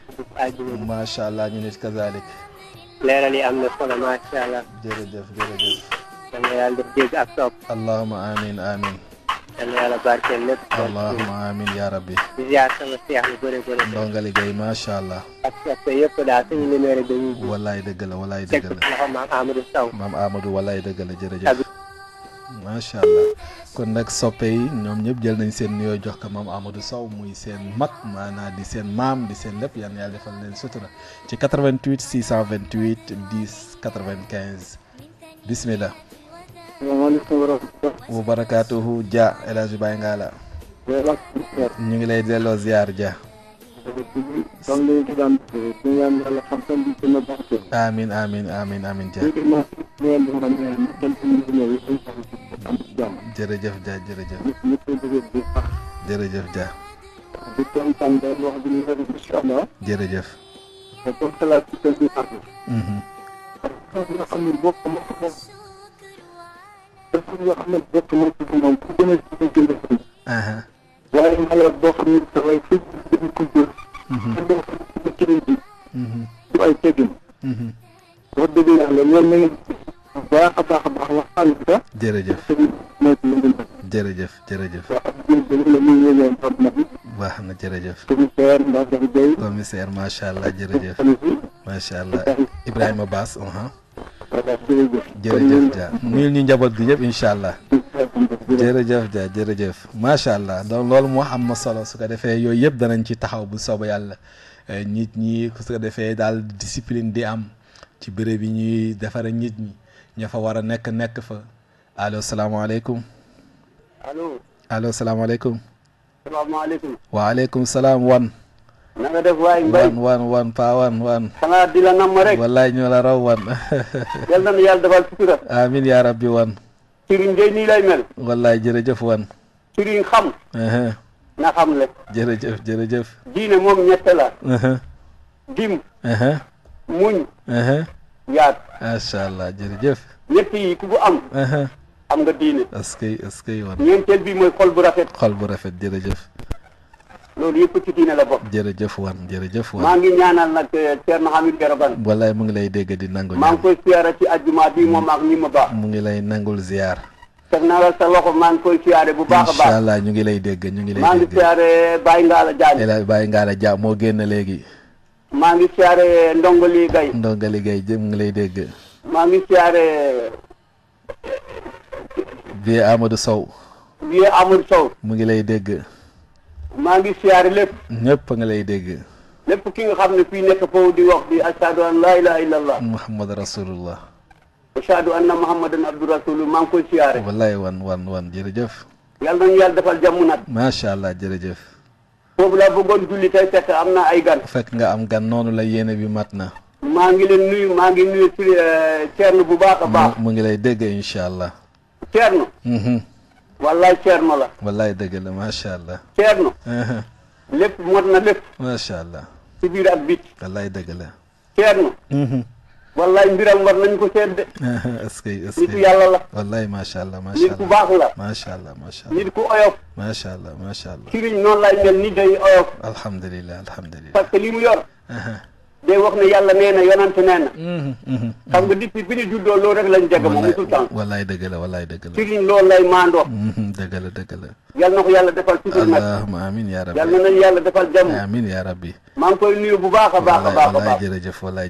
allah ñu nit kazalik. leeral am na solo macha allah. jërëjëf jërëjëf. dama yàlla ak topp. allahuma amin amin. yàlla yàlla barkeel lépp. allahumma amiin yaa rabbi. di ziar macha allah. ak yëpp daal suñu walaay dëgg la walaay dëgg la teg maam Amadou Sow. dëgg la jërëjëf. macha allah kon nag soppe yi ñoom ñëpp jël nañ seen nuyoo jox ko maam Amadou saw muy seen mag maanaa di seen maam di seen lépp yan yàlla defal leen sutura ci 88 628 10 95 bismillah. salaamaaleykum wa rahmatulah. wa barakaatuhu Dia ñu ngi lay ziar amin amin amin amin Dia. jërëjëf Dia jërëjëf. jërëjëf Dia. jërëjëf. jërëjëf. Mhm. waaye ku ñu wax nag bokk na ci moom ku gën a si gën a si. waaye malade boo xam ne dafay fekk dañ ko jël. te doo xam ne keneen bi. du ay teggin. Mhm. wax dëgg yàlla loolu na ngeen baax a baax a baax waxtaan bi sax. jërëjëf te mooy ci li jërëjëf jërëjëf. waaw ak ñoom tamit la muy yëngal xam na bi. baax na jërëjëf. commissaire Mbacar Gueye. commissaire macha allah jërëjëf. macha allah Ibrahima Bass. Uh-huh. jërëjëf Dia nuyul ñu njaboot gi yëpp incha allah jërëjëf Dia jërëjëf macha allah donc loolu moo am na solo su ko defee yooyu yëpp danañ ci taxaw bu soobee yàlla nit ñi su ko defee daal discipline di am ci béréb yi ñuy defare nit ñi ña fa war a nekk nekk fa allo salaamaaleykum. allo allo salaamaaleykum. salaamaaleykum. waaleykum salaam wan. na def waay mbay wan wan wan pa wan wan xanaa di la namm rek wallaay raw wan yal nañu yàlla defal sutura amin yaa rabbi wan sëriñ day nii lay mel wallaay jërëjëf wan sëriñ xam na xam le jërëjëf jërëjëf diine moom ñette la dim muñ yaat macha allah jërëjëf ñett yi ku bu am xam nga diine askay askay wan ñeenteel bi mooy xol bu rafet xol bu rafet jërëjëf loolu yëpp ci diine la bokk. jërëjëf wan jërëjëf wan maa ngi ñaanal nag eh, Thierno Hamidou Yero Bane wallaay mu ngi lay dégg di nangu maa ngi koy siyaara ci ajjuma bi moom ak ñi ma mu ngi lay nangul ziar teg na la sa loxo maa ngi koy siyaare bu baax baax ñu ngi lay dégg ñu ngi lay dégg maa ngi siyaare Baye Ngala moo génn léegi maa ngi siyaare Ndongali Gaye Ndongali Gaye jëm mu ngi lay dégg maa ngi siyaare vie Amadou Sow vie Amadou Sow mu ngi lay dégg maa ngi siyaare lépp. ñëpp nga lay dégg. lépp ki nga xam ne fii nekk foofu di wax di ashadu an laa ilaha illa allah. muhammad rasulullah. ashadu anna muhammadan abdu rasul maa ngi koy siyaare. wallaay wan wan wan jërëjëf. yàlla nañu yàlla defal jàmm nag. macha allah jërëjëf. foofu laa bëggoon julli tey fekk am na ay gan. fekk nga am gan noonu la yéene bi mat na. maa ngi leen nuyu maa ngi nuyu euh, Thierno bu baax a baax. mu ngi lay dégg incha allah. Thierno. Mm-hmm. Vallahi Thierno la. wallaay dëgg la macha allah. Thierno. lépp mot na lépp. Maşallah. allah. ci biir ak bit. wallaay dëgg la. Thierno. wallaay mbiram war nañ ko seet de. est-ce que est-ce que nit ku yàlla la. wallaay macha allah nit ku baax la. maşallah. allah nit ku oyof. Maşallah maşallah. macha allah. sëriñ noonu laay mel ni day oyof. alhamdulilah alhamdulilah. parce que li mu yor. day wax ne yàlla nee na yonante nee na mhm, mhm, mhm. xam nga depuis bi ñu juddoo loolu rek lañ dégg moom tout le temps wallaay dëgg la wallaay dëgg la sëriñ loolu lay maandoo dëgg la dëgg la yàlla na ko yàlla defal sëriñ nag allahumma amiin yaa rabbi yàlla na nañ defal jàmm amiin yaa rabbi maa koy nuyu bu baax a baax a baax a baax wallaay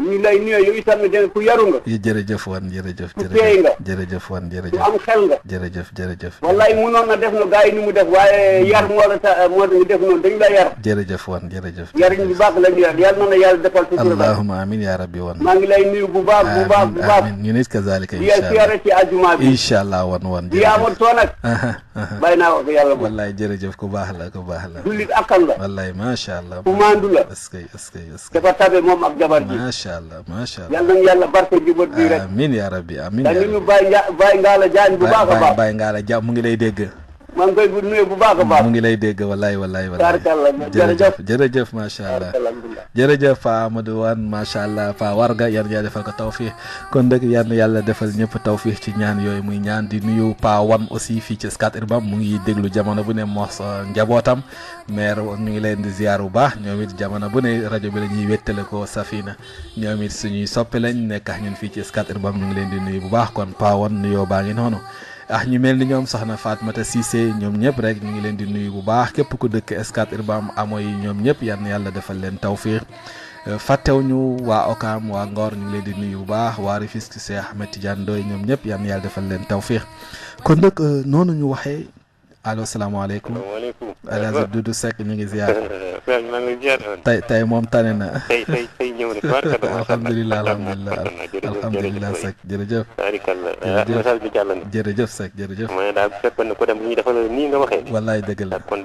ñu lay nuyoo yow itam ne ku yaru nga. jërëjëf wan jërëjëf. ku teey nga jërëjëf wan jërëjëf. ku am xel nga. jërëjëf jërëjëf. wallaay munoon na def na gars yi ni mu def waaye yar moo la ta moo la def noonu dañu la yar. jërëjëf wan jërëjëf. yar ñu baax la ñu yar yal na la yàlla defal. toujours allahumma amiin yaa rabbi wan. maa ngi lay nuyu bu baax bu baax bu baax. amiin ñu nit kazaalika incha allah di yàlla ci àjjuma bi. incha allah wan wan jërëjëf yaa ma too nag. bàyyi naa wax yàlla moom. wallaay jërëjëf ku baax la ku baax la. jullit akal la. wallaay macha allah. ku maandu la. est-ce que est-ce que est-ce que. dafa tabe moom ak jabar ji. macha macha allah macha allah yal nañu yàlla barke jubal bi rek amiin yaa rabbi amiin yaa rabbi ñu bàyyi bàyyi ngaa la jaañ bu baax a baax bàyyi ngaa la jàmm mu ngi lay dégg a mu ngi lay dégg walaay walaay walaay. jërëjëf jërëjëf macha allah. jërëjëf Paa Amadou Wane macha allah Paa Warga yan yaa defal ko tawfiix kon nag yan yàlla defal ñëpp tawfiix ci ñaan yooyu muy ñaan di nuyu Paa Wan aussi fii ci Scat Urbam mu ngi déglu jamono bu ne mos euh, njabootam maire euh, ñu ngi leen di ziar bu baax ñoom it jamono bu ne rajo bi la ñuy wéttale ko Safina ñoom it suñuy soppi lañ nekk ñun fii ci Scat Urbam ñu ngi leen di nuyu bu baax kon Paa Wan baa ngi noonu ah ñu mel ni ñoom soxna Fatmata Cissé ñoom ñëpp rek ñu ngi leen di nuyu bu baax képp ku dëkk Scat Urbam amo yi ñoom ñëpp yal na yàlla defal leen tawfiir euh, fàttew ñu waa Okam waa Ngor ñu ngi leen di nuyu bu baax waa Rufisque Cheikh Ahmed Tidiane Ndoye ñoom ñëpp yal na yàlla defal leen tawfiir kon nag euh, noonu ñu waxee allo salaamaaleykum. waaleykum El Hadj Doudou Seck ñu ngi ziar. maa ngi ziar. tey tey moom tane na. tey tey tey ñëw na. alhamdulilah alhamdulilah alhamdulilah Seck jërëjëf. Ah, message bi jàll na. jërëjëf Seck jërëjëf. mooy daal fekkoon na ko dem ñu defal nii nga waxee. wallaay dëgg la. Ah, kon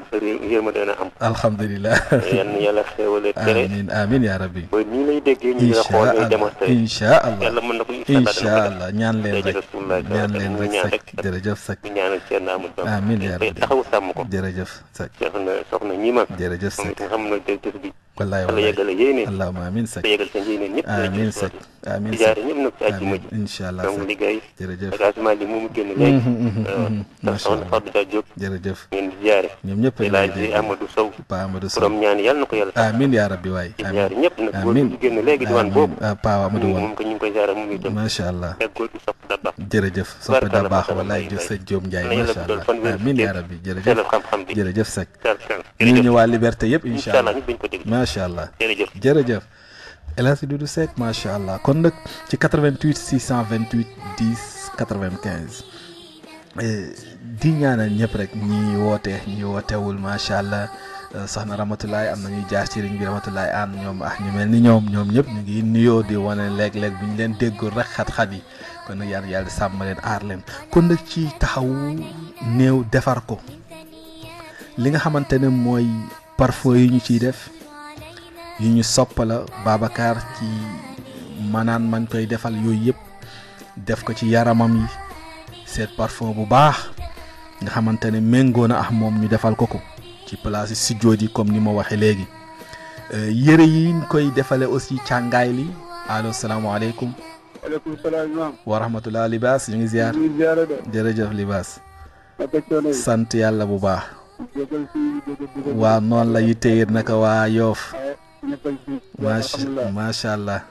yërma dana am. alhamdulilah. yal na yàlla xéwale tere. amiin amiin yaa rabbi. ba nii lay déggee ñu ngi xool ñuy démonstré. incha allah yàlla mën na ko incha allah ñaan leen rek ñaan leen rek Seck jërëjëf Seck amiin yaa rabbi taxawu sàmm ko. jërëjëf soxna soxna ñi ma. jërëjëf Seck moom it nga xam ne wallaay wallaay yàlla yeggal yéene allahumma amiin sëg yeggal seen yéene ñëpp amiin sëg amiin sëg jaare ñëpp nag ci àjjuma ji incha allah donc liggéey jërëjëf engagement li mu génn léegi mm-hmm, mm-hmm, euh, mm-hmm. macha allah faddu daa jóg jërëjëf ngeen di jaare ñoom ñëpp laaj Amadou Sow Pa Amadou Sow borom ñaan yàlla na ko yàlla amiin yaa rabbi waay jaare ñëpp nag góor du génn léegi diwaan boobu ah, Pa Amadou Wan moom ko ñu ngi koy jaare moom itam macha allah ak góor du sopp da baax jërëjëf sopp da baax wallaay jëf sëg Diom Ndiaye macha allah amiin yaa rabbi jërëjëf jërëjëf sëg ñu ñu waa liberté yëpp incha allah macha allah jërëjëf jërëjëf El Hadj Doudou macha allah kon nag ci 88 628 10 95 di ñaanal ñëpp rek ñi woote ñi wootewul macha allah eh, soxna Ramatulaay am na ñuy jaar ci ligne bi Ramatulaay ànd ñoom ah ñu mel ni ñoom ñoom ñëpp ñu ngi nuyoo di wane léeg-léeg bu ñu leen déggul rek xat-xat yi kon nag yàlla yàlla sàmm leen aar leen kon nag ci taxawu néew defar ko li nga xamante mooy parfum yi ñu ciy def. yu ñu soppala Babacar ci manaan mañ koy defal yooyu yëpp def ko ci yaramam yi seet parfum bu baax nga xamante ne méngoo na ak moom ñu defal ko ko ci place yi studio yi comme ni ma waxee léegi euh, yére yi ñu koy defale aussi càngaay li allo salaamaaleykum. waaleykum salaam imaam. Libaas ñu ngi ziar. ñu ngi Libaas. sant yàlla bu baax. waa noonu la yittee naka waa Yoof. Ah, ñëpp a macha allah.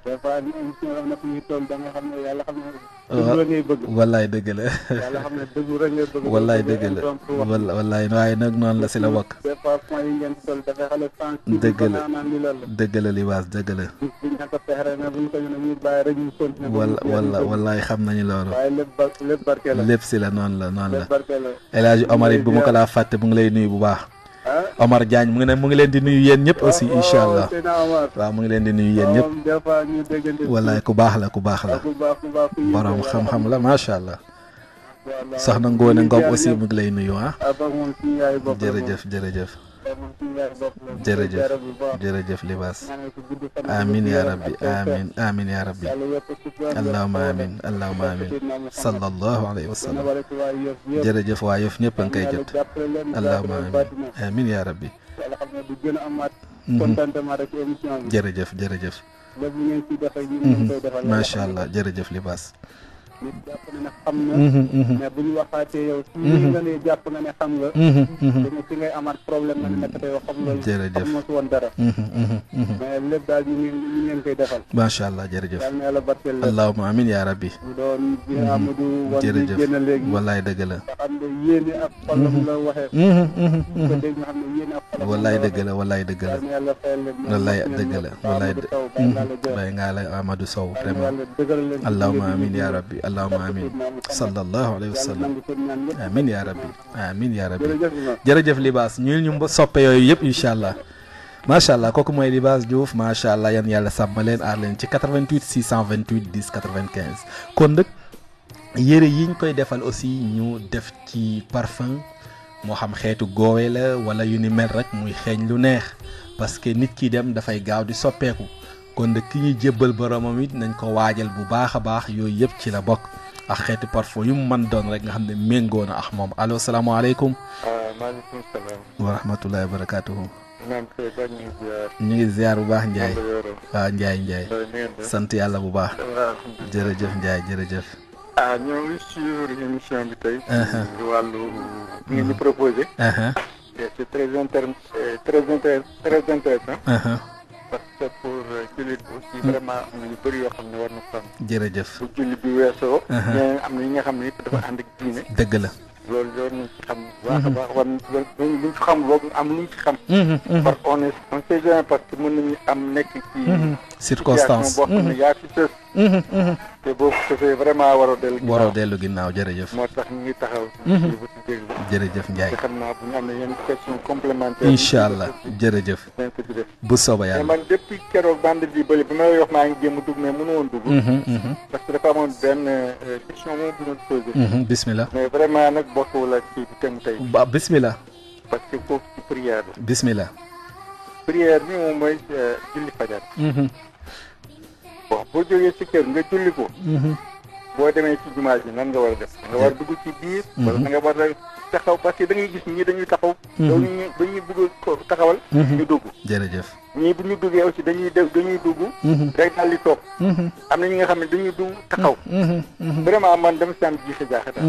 des fois da nga xam ne yàlla xam ne. dëgg la ngay dëgg la. yàlla xam ne dëgg rek ngay bëgg. wallaay dëgg la wallaay waaye nag noonu la si la bokk. des fois point yi ngeen toll dafay xale dëgg la dëgg la li baas dëgg la. buñ ñàkk a fexe rek nag buñ ko ñëwee xam nañu loolu. waaye lépp ba la. lépp si la noonu la noonu la. lépp barke la. El bu ma ko laa fàtte mu ngi lay nuy bu baax Omar Diagne mu ngi ne mu ngi leen di nuyu yéen ñëpp aussi oh, oh, incha allah waaw mu ngi leen di nuyu yéen ñëpp wallaay ku baax la ku baax la borom xam-xam la macha allah soxna Ngoone Ngom aussi mu ngi lay nuyu ah jërëjëf jërëjëf jërëjëf libaas amin ya rabbi amin amin ya rabbi allahuma amin amin sallallahu alayhi wa sallam jërëjëf waa yof ñëpp a koy jot allahuma amin amin ya rabbi mhm. jërëjëf jërëjëf mhm. macha allah jërëjëf libaas nit jàpp na ne xam na mhm, mhm. mais bu ñu waxaatee yow su mhm. li nga ne jàpp na ne xam nga dañu si ngay amaat problème nga ne nekkate yoo xam loolu xam nga si woon dara mais lépp daal ñu ngi ñu ngeen koy defal macha allah jërëjëf yal na yàlla barkeel la allahuma amin yaa rabbi doon bi Amadou wan jërëjëf génn léegi wallaay dëgg la nga xam ne yéene ak xolam la waxee ko dégg nga xam ne yéene ak xolam wallaay dëgg la wallaay dëgg la yàlla fayal wallaay dëgg la wallaay bàyyi ngaa la Amadou Sow vraiment allahuma amin yaa rabbi allahuma amin sallallahu alayhi wa sallam amin yaa rabbi amin yaa rabbi jërëjëf libaas ñuy ñu soppe yooyu yëpp incha allah macha allah kooku mooy libaas Diouf macha allah yan yàlla sàmm leen aar leen ci 88 628 10 95 kon nag yére yi ñu koy defal aussi ñu def ci parfum moo xam xeetu goowe la wala yu ni mel rek muy xeeñ lu neex parce que nit ki dem dafay gaaw di soppeeku kon nag ki ñuy jébbal boromam it nañ ko waajal bu baax a baax yooyu yëpp ci la bokk ak xeeti parfum yu mu man doon rek nga xam ne méngoo na ak moom allo salaamaaleykum. Ah, maaleykum salaam. wa rahmatullahi wa barakaatuhu. ngi ziar bu baax Ndiaye. waaw Ndiaye Ndiaye. sant yàlla bu baax. jërëjëf Ndiaye jërëjëf. ah bi tey. Uh-huh. wàllu ñu ngi uh-huh. proposé. Uh-huh. c'est parce que pour euh, ne war na sonn jërëjëf jullit bi weesoo ñeneen am na yi nga xam ne yëpp dafa ànd ak diine dëgg la loolu loolu ñu ci xam baax a mhm. baax war luñ luñ ci xam boobu am luñ ci xam mhm, mhm. parce que on est on sait bien am nekk ci circonstance te boo ko defee vraiment waroo dellu ginnaaw waroo dellu jërëjëf. moo tax ngi taxaw. Mhm. jërëjëf Ndiaye. te xam naa bu ñu amee yeneen question complémentaire. incha allah jërëjëf. bu soobee yàlla. mais man depuis keroog bande bële bi ma lay maa ngi jéem a dugg mais mënu woon mhm, mhm. dafa amoon benn euh, question moom bu doon posé. ba bismillah. parce que foofu ci prière la. bismillah. prière bi moom mooy euh, julli fajar. bon boo jógee si kër nga julli ko. Mhm. boo demee ci jumaa ji nan nga war a def nga war a dugg ci biir. Mhm. wala nga war a taxaw parce que da ngay gis ñi dañuy taxaw. Mhm. dañuy dañuy bëgg taxawal. ñu dugg jërëjëf. ñii bu ñu duggee aussi dañuy def dañuy dugg. Mhm. rek daal di toog. Mhm. am na ñi nga xam ne dañuy dugg taxaw. Mhm. vraiment man dama si am jiite jaaxata.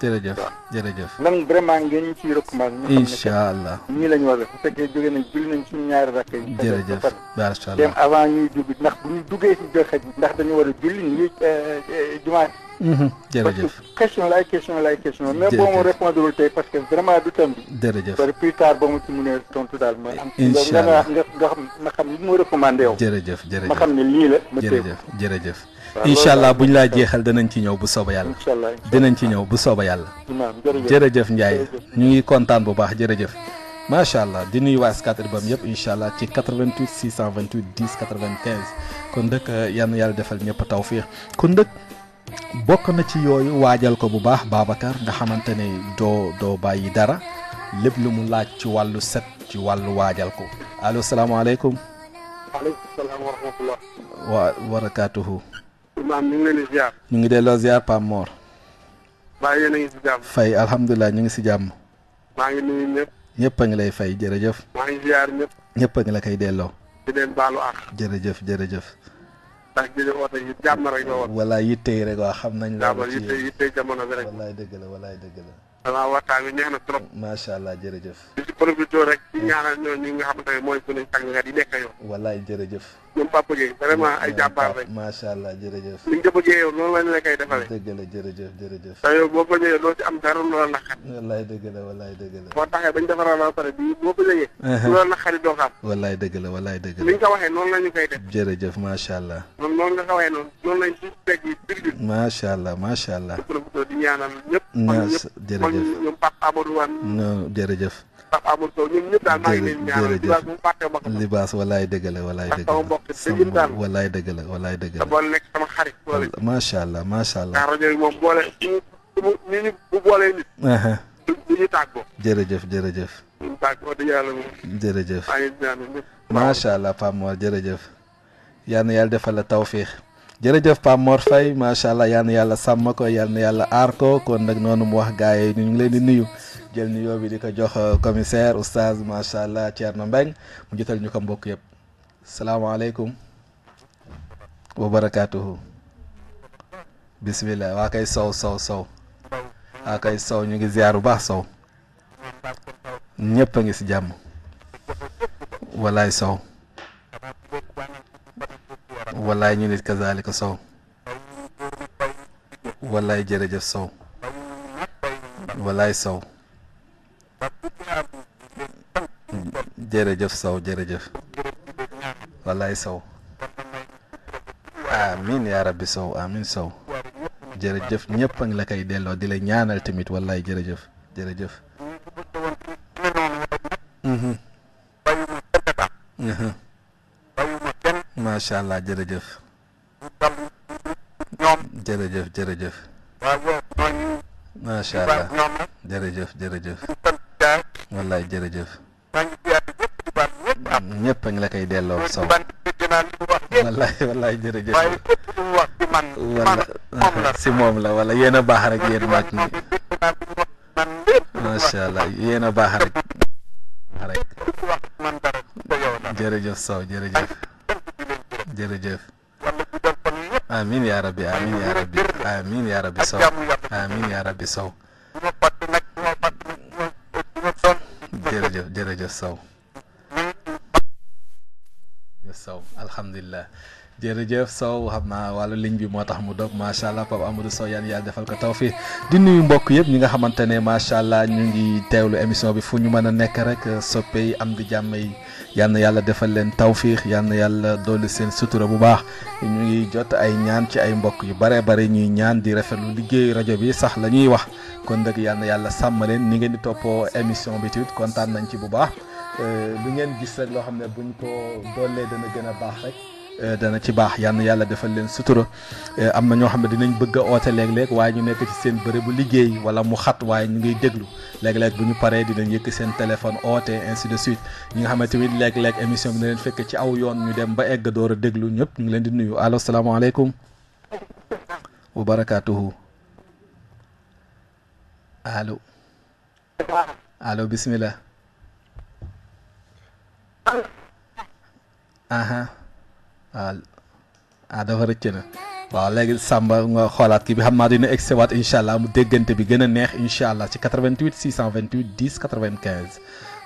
jërëjëf jërëjëf. lan vraiment ngeen ñu ciy recommandé. incha allah ñu la ñu war a def bu fekkee jóge nañ julli nañ suñu ñaari rakk yi. jërëjëf macha allah dem avant ñuy dugg ndax bu ñu duggee si joxe ndax dañu war a julli ñuy euh, euh, jumaat. Mhm. jërëjëf question lay question lay question mais boo ma répondre tey parce jërëjëf par plus tard ba tontu daal ma am nga nga xam xam li mu recommandé yow jërëjëf jërëjëf ma xam ne lii la ma jërëjëf jërëjëf incha allah buñ laa jeexal danañ ci ñëw bu sooba yàlla incha dinañ ci ñëw bu sooba yàlla jërëjëf Ndiaye ñu ngi kontaan bu baax jërëjëf macha allah di nuyu waa Scat Urbam yëpp allah ci 88 628 10 95 kon dëkk yal na yàlla defal ñëpp tawfiix kon dëkk bokk na ci yooyu waajal ko bu baax Babacar nga xamantene do do bayyi dara lepp lu mu laaj ci walu set ci walu waajal ko allo salaamaaleykum alaykum wa barakatuhu imam ni ngi leen ziar ñu ngi delo ziar pa Mor ba yéen a ngi si jàmm fay alhamdullah ñu ngi ci jàmm ma ngi nuyu ñëpp ñëpp nga lay fay jërëjëf ma ngi ziar ñëpp ñëpp nga ngi la koy delloo di leen balu ak jërëjëf jërëjëf ndax jëjë oote yi jàmm rek la woon wala yitte yi rek waa xam nañ la yitte yitte jamono bi rek walaay dëgg la walaay dëgg la wi neex na trop macha allah jërëjëf di rek ci ñaanal ñi nga xam ne mooy suñu tàngkat yi nekk yow walaay jërëjëf ñoom Papa Gueye vraiment ay jàmbaar lañ. macha allah jërëjëf. ni nga ko bëggee yow noonu lañ la koy defalee. dëgg la jërëjëf jërëjëf. te yow boo ko ñëwee doo ci am dara lu la naqar. wallaay dëgg la wallaay dëgg la. boo taxee bañ defaral ba pare bii boo ko ñëwee. lu la naqari doo ko am. wallaay dëgg la wallaay dëgg la. ni nga ko waxee noonu la ñu koy def. jërëjëf macha allah. noonu noonu nga ko waxee noonu noonu lañ ci teg yi virgule. macha allah macha allah. di ñaanal ñëpp. jërëjëf ñoom Papa Abdou Wane. jërëjëf Pape Amadou Sow ñun ñëpp daal maa ngi leen ñaanal libaas bu mu fàtte ma ko libaas walaay dëgg la walaay dëgg la sama mbokk macha allah macha allah aa rajo jërëjëf jërëjëf tàggoo di yàlla moom jërëjëf maa yàlla defal la tawfiix jërëjëf Pape Mor Faye macha allah yal yàlla sàmm ko yal na yàlla aar ko kon nag noonu mu wax gaay yi ñu ngi leen di nuyu jël nuyoo bi di ko jox euh, commissaire oustaz macha allah Thierno Mbengue mu jotal ñu ko mbokk yëpp salaamaaleykum wa barakaatuhu bismillah waa kay sow sow sow waa kay sow ñu ngi ziar bu baax sow ñëpp a ngi si jàmm walaay sow walaay ñu nit kazaalika sow walaay jërëjëf sow walaay sow jërëjëf Sow jërëjëf wallaay saw amiin yaa rabbi Sow amiin Sow jërëjëf ñëpp a ngi la koy delloo di la ñaanal tamit wallaay jërëjëf jërëjëf. Mhm. Mhm. macha allah jërëjëf. jërëjëf jërëjëf. macha allah jërëjëf jërëjëf. wallaay jërëjëf. xam a ngi la koy delloo sow wallaay wallaay jërëjëf waaye si moom la wala yéen a baax rek yéen mag ñi macha allah yéen a baax rek rek jërëjëf sow jërëjëf jërëjëf amin yaa rabbi amin yaa rabbi sow amin yaa jërëjëf jërëjëf sow alhamdulilah jërëjëf Sow xam naa wàllu ligne bi moo tax mu dog macha allah Pape Amadou Sow yan yàlla defal ko tawfii di nuyu mbokk yëpp ñi nga xamante ne macha allah ñu ngi teewlu émission bi fu ñu mën a nekk rek soppe am di jàmm yi yàlla defal leen tawfiix yal na yàlla dolli seen sutura bu baax ñu ngi jot ay ñaan ci ay mbokk yu bare bare ñuy ñaan di rafetlu liggéeyu rajo bi sax la ñuy wax kon nag yàlla yàlla sàmm leen ni ngeen di toppoo émission bi tamit kontaan nañ ci bu baax. lu euh, ngeen gis rek loo xam ne buñ ko doolee dana gën a baax rek euh, dana ci baax yal yàlla defal leen sutura euh, am na ñoo xam ne dinañ bëgg oote léeg-léeg waaye ñu nekk ci seen bërëbu liggéey wala mu xat waaye ñu ngiy déglu léeg-léeg bu ñu paree dinañ yëkk seen téléphone oote ainsi de suite ñi nga xamante ni léeg-léeg émission bi na leen fekk ci aw yoon ñu dem ba egg door a déglu ñëpp ñu ngi leen di nuyu allo salaamaaleykum wa barakaatuhu allo allo ah dafa rëcc na waaw léegi Samba nga xoolaat kii bi xam naa dina egsewaat incha allah mu déggante bi gën a neex incha allah ci 88 628 10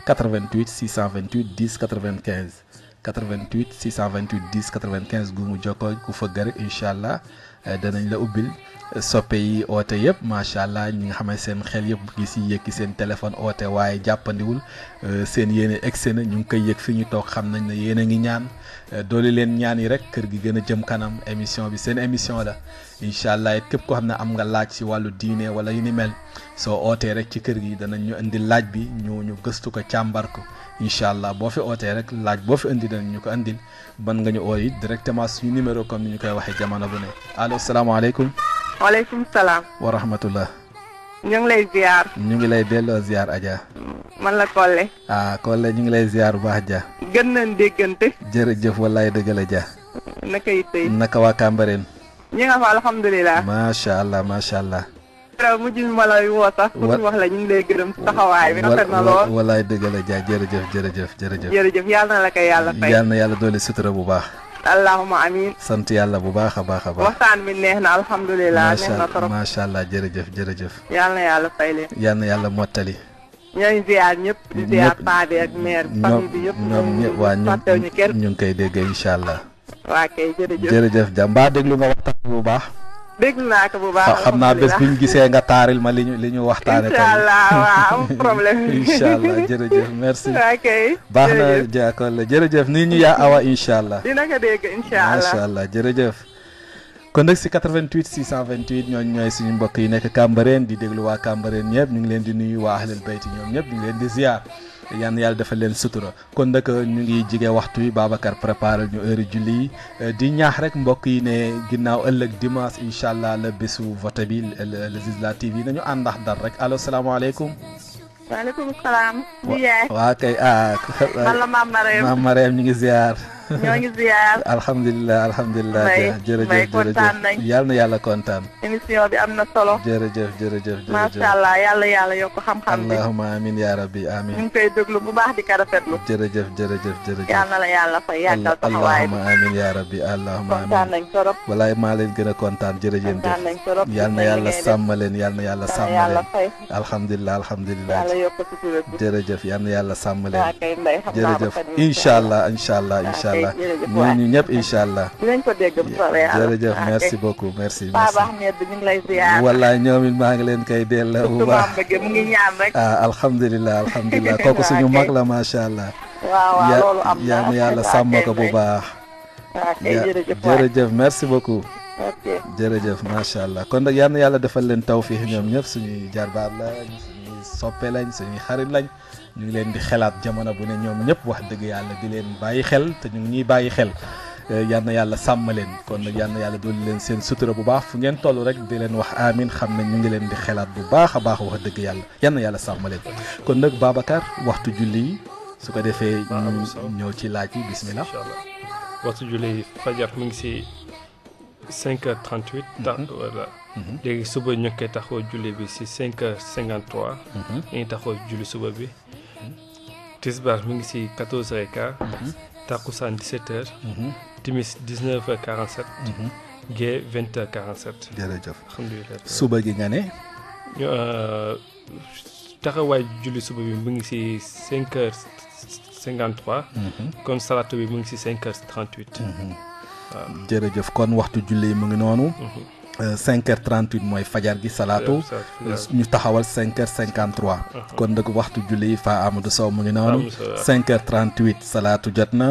95 88 628 10 95 88 628 10 95 gu mu jokkoo ku fëgg rek incha allah. Eh, danañ la ubbil soppe yi oote yëpp macha allah ñi nga xam seen xel yëpp gis si yëkki seen téléphone oote waaye jàppandiwul eh, seen yéene egsi na ñu ngi koy yëg fi ñu toog xam nañ ne yéen a ngi ñaan eh, dooli leen ñaan yi rek kër gi gën a jëm kanam émission bi seen émission la incha allah képp koo xam ne am nga laaj si wàllu diine wala yu ni mel soo ootee rek ci kër gi danañ ñu indi laaj bi ñu ñu gëstu ko càmbar ko inshallah bo fi oté rek laaj bo fi andi dañ ñu ko andil ban nga ñu oo it directement suñu numéro comme ñu koy waxe jamono bu ne allo wa alaykum salaam wa rahmatullah ñu ngi lay ziar ñu ngi lay delloo ziar aja man la kolle ah kolle ñu ngi lay ziar bu baax ja gën nañ déggante jërëjëf jëf wallahi dëgël ja naka yi naka wa kàmbareen ñi nga fa ma sha allah sha allah Jangan mujj ma lay woo sax pour wax la ñu ngi lay gërëm ci taxawaay bi rafet na lool walaay dëgg la jaay jërëjëf jërëjëf jërëjëf jërëjëf yàlla na la ko yàlla fay yàlla na yàlla doole sutura bu baax Allahumma amin sant yàlla bu baax a baax a baax waxtaan bi neex na alhamdulilah neex na trop macha allah jërëjëf jërëjëf yàlla na yàlla fay leen yàlla na yàlla mottali ñooy ziar ñëpp di ziar paa bi ak mère famille bi yëpp ñoom ñëpp waa ñu ñu ngi koy dégg incha allah waa kay dégg naa ko bu baax xam naa bés bu ñu gisee nga taaril ma li ñu li ñu waxtaane incha allah waaw am merci baax na jaakol la jërëjëf nii ñu yaa awa incha allah dina ko dégg incha allah macha allah jërëjëf kon nag si 88 628 ñooñu ñooy suñu mbokk yi nekk Cambérène di déglu waa Cambérène ñëpp ñu ngi leen di nuyu waa Ahlul Bayti ñoom ñëpp ñu ngi leen di ziar yan yàlla defal len sutura kon nak ñu ngi jige waxtu yi babakar préparer ñu heure julli di ñaax rek mbokk yi ne ginnaw ëlëk dimanche inshallah le bisu bésu vote bi législative yi nañu andax dar rek allo salaamaaleykum. alaykum salaam. waa kay ah. man la Mame Marème Mame Marème ñu ngi ziar. ñoo ngi ziar. alhamdulilah alhamdulilah. may kontaan nañ jërëjëf jërëjëf yal na yàlla kontaan. émission bi am na solo. jërëjëf jërëjëf jërëjëf macha allah yàlla bi. allahumma amiin yaa kontaan nañ trop. yàlla sàmm leen yàlla sàmm leen. alhamdulilah yàlla yokk allah ñooñu ñëpp incha allah dinañ ko dégg bu soobee jërëjëf merci eh. beaucoup merci merci Ahmed ñu ngi lay ziar ñoom it maa ngi leen koy bu baax mu ngi ñaan rek ah alhamdulillah alhamdulillah kooku suñu mag la macha allah waaw waaw loolu am yàlla sàmm ko bu baax ya, jërëjëf merci beaucoup jërëjëf macha ya, allah kon nag yàlla defal leen tawfiix ñoom ñëpp suñuy jarbaar la suñuy soppe lañ suñuy xarit lañ ñu ngi leen di xalaat jamono bu ne ñoom ñëpp wax dëgg yàlla di leen bàyyi xel te ñu ngi ñuy bàyyi xel eh, yal na yàlla sàmm leen kon nag yal na yàlla dolli leen seen sutura bu baax fu ngeen toll rek di leen wax amin xam ne ñu ngi leen di xelaat bu baax a baax wax dëgg yàlla yal yàlla sàmm leen kon nag Babacar waxtu julli yi su ko defee ñu ñëw ci laaj yi bismillah waxtu julli fajar mu ngi si 5h38. Mhm. voilà. Mhm. léegi suba ñu ngi koy bi si 5h53. ngi taxaw julli suba bi. Tisbar mingi ngi si 14 heures et quart. Mhm. Takusaan 17 heures. Mhm. Timis 19 h 47. Gee 20 h 47. jërëjëf alhamdulilah. suba gi nga ne. Euh, taxawaay julli suba bi mingi ngi si 5 h 53. kon salaatu bi mingi ngi si 5 h 38. waaw jërëjëf kon waxtu julli mu ngi noonu. Mhm. cinq heures trente huit mooy fajar gi salaatu ñu taxawal cinq heures cinquante trois uh-huh. kon nag waxtu julli fa Amadou Sow mu ngi noonu cinq heures trente huit salaatu jot na